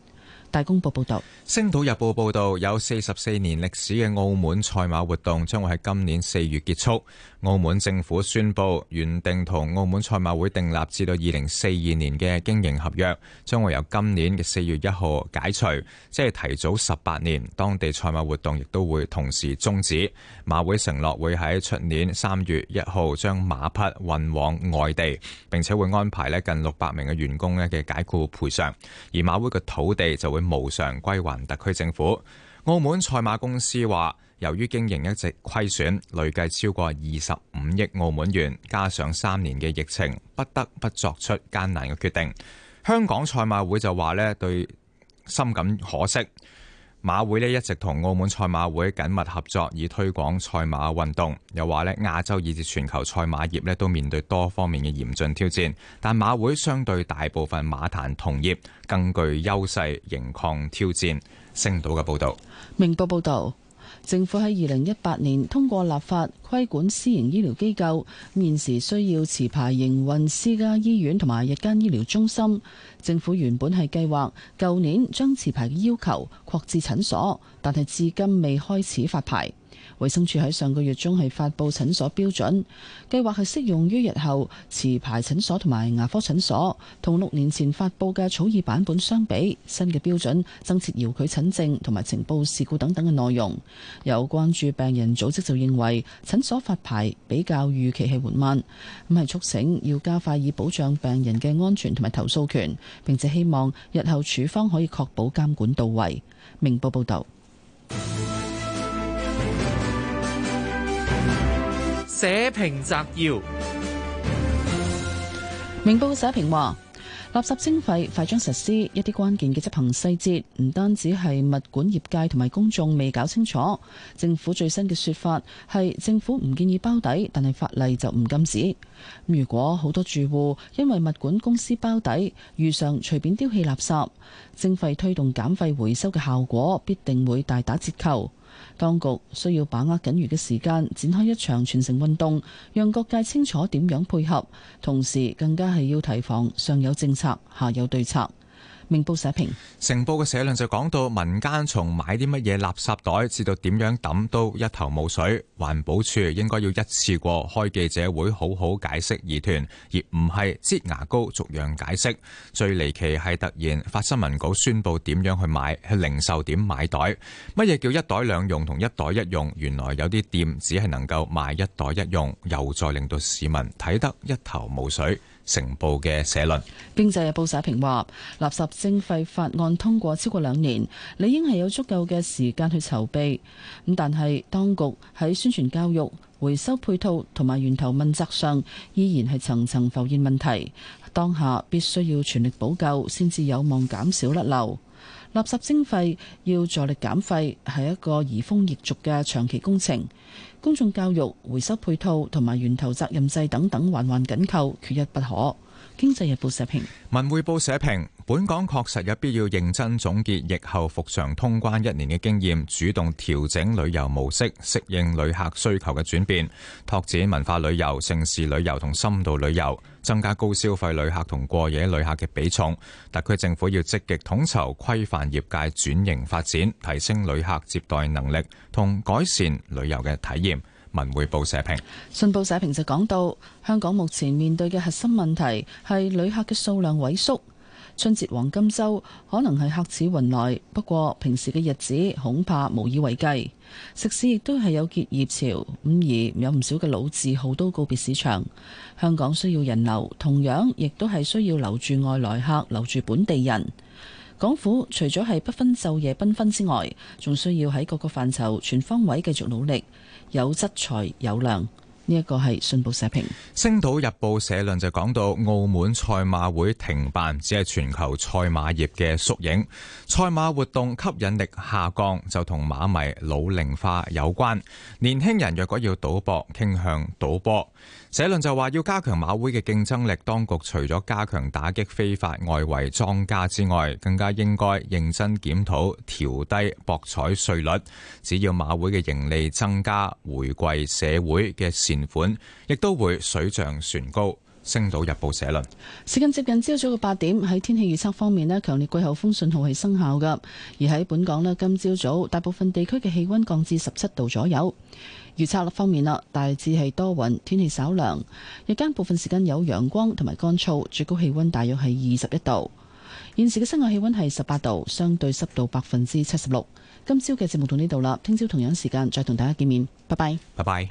大公報報道：《星島日報》報道，有四十四年歷史嘅澳門賽馬活動將會喺今年四月結束。澳門政府宣佈，原定同澳門賽馬會訂立至到二零四二年嘅經營合約，將會由今年嘅四月一號解除，即係提早十八年，當地賽馬活動亦都會同時終止。馬會承諾會喺出年三月一號將馬匹運往外地，並且會安排呢近六百名嘅員工呢嘅解僱賠償，而馬會嘅土地就會無償歸還特區政府。澳門賽馬公司話，由於經營一直虧損，累計超過二十五億澳門元，加上三年嘅疫情，不得不作出艱難嘅決定。香港賽馬會就話咧，對深感可惜。馬會咧一直同澳門賽馬會緊密合作，以推廣賽馬運動。又話咧，亞洲以至全球賽馬業咧都面對多方面嘅嚴峻挑戰，但馬會相對大部分馬壇同業更具優勢，迎抗挑戰。星島嘅報道，明報報道。政府喺二零一八年通過立法規管私營醫療機構，現時需要持牌營運私家醫院同埋日間醫療中心。政府原本係計劃舊年將持牌嘅要求擴至診所，但係至今未開始發牌。衛生署喺上個月中係發佈診所標準，計劃係適用於日後持牌診所同埋牙科診所。同六年前發佈嘅草擬版本相比，新嘅標準增設遙距診症同埋情報事故等等嘅內容。有關注病人組織就認為診所發牌比較預期係緩慢，咁係促請要加快以保障病人嘅安全同埋投訴權，並且希望日後處方可以確保監管到位。明報報道。社評摘要：明報社評話，垃圾徵費快將實施，一啲關鍵嘅執行細節唔單止係物管業界同埋公眾未搞清楚。政府最新嘅說法係，政府唔建議包底，但係法例就唔禁止。如果好多住戶因為物管公司包底，遇上隨便丟棄垃圾，徵費推動減費回收嘅效果必定會大打折扣。當局需要把握僅餘嘅時間，展開一場全城運動，讓各界清楚點樣配合，同時更加係要提防上有政策，下有對策。明報社評，成報嘅社論就講到民間從買啲乜嘢垃圾袋至到點樣抌都一頭霧水，環保署應該要一次過開記者會好好解釋疑團，而唔係擠牙膏逐樣解釋。最離奇係突然發新聞稿宣佈點樣去買，去零售點買袋。乜嘢叫一袋兩用同一袋一用？原來有啲店只係能夠賣一袋一用，又再令到市民睇得一頭霧水。成報嘅社論，《經濟日報》社評話：垃圾徵費法案通過超過兩年，理應係有足夠嘅時間去籌備。咁但係當局喺宣傳教育、回收配套同埋源頭問責上，依然係層層浮現問題。當下必須要全力補救，先至有望減少甩漏。垃圾徵費要助力減廢，係一個移風易俗嘅長期工程。公眾教育、回收配套同埋源頭責任制等等環環緊扣，缺一不可。經濟日報社評、文匯報社評。本港確實有必要認真總結疫後復常通關一年嘅經驗，主動調整旅遊模式，適應旅客需求嘅轉變，拓展文化旅遊、城市旅遊同深度旅遊，增加高消費旅客同過夜旅客嘅比重。特區政府要積極統籌規範業界轉型發展，提升旅客接待能力同改善旅遊嘅體驗。文匯報社評，信報社評就講到，香港目前面對嘅核心問題係旅客嘅數量萎縮。春節黃金週可能係客似雲來，不過平時嘅日子恐怕無以為繼，食肆亦都係有結業潮，五二有唔少嘅老字號都告別市場，香港需要人流，同樣亦都係需要留住外來客，留住本地人。港府除咗係不分晝夜繽紛之外，仲需要喺各個範疇全方位繼續努力，有質才有量。呢一個係信報社評，《星島日報》社論就講到澳門賽馬會停辦，只係全球賽馬業嘅縮影。賽馬活動吸引力下降，就同馬迷老齡化有關。年輕人若果要賭博，傾向賭波。社論就話要加強馬會嘅競爭力，當局除咗加強打擊非法外圍莊家之外，更加應該認真檢討調低博彩稅率。只要馬會嘅盈利增加，回饋社會嘅善款，亦都會水漲船高。星島日報社論。時間接近朝早嘅八點，喺天氣預測方面咧，強烈季候風信號係生效嘅，而喺本港咧，今朝早,早大部分地區嘅氣温降至十七度左右。預測方面啦，大致係多雲，天氣稍涼。日間部分時間有陽光同埋乾燥，最高氣溫大約係二十一度。現時嘅室外氣溫係十八度，相對濕度百分之七十六。今朝嘅節目到呢度啦，聽朝同樣時間再同大家見面。拜拜，拜拜。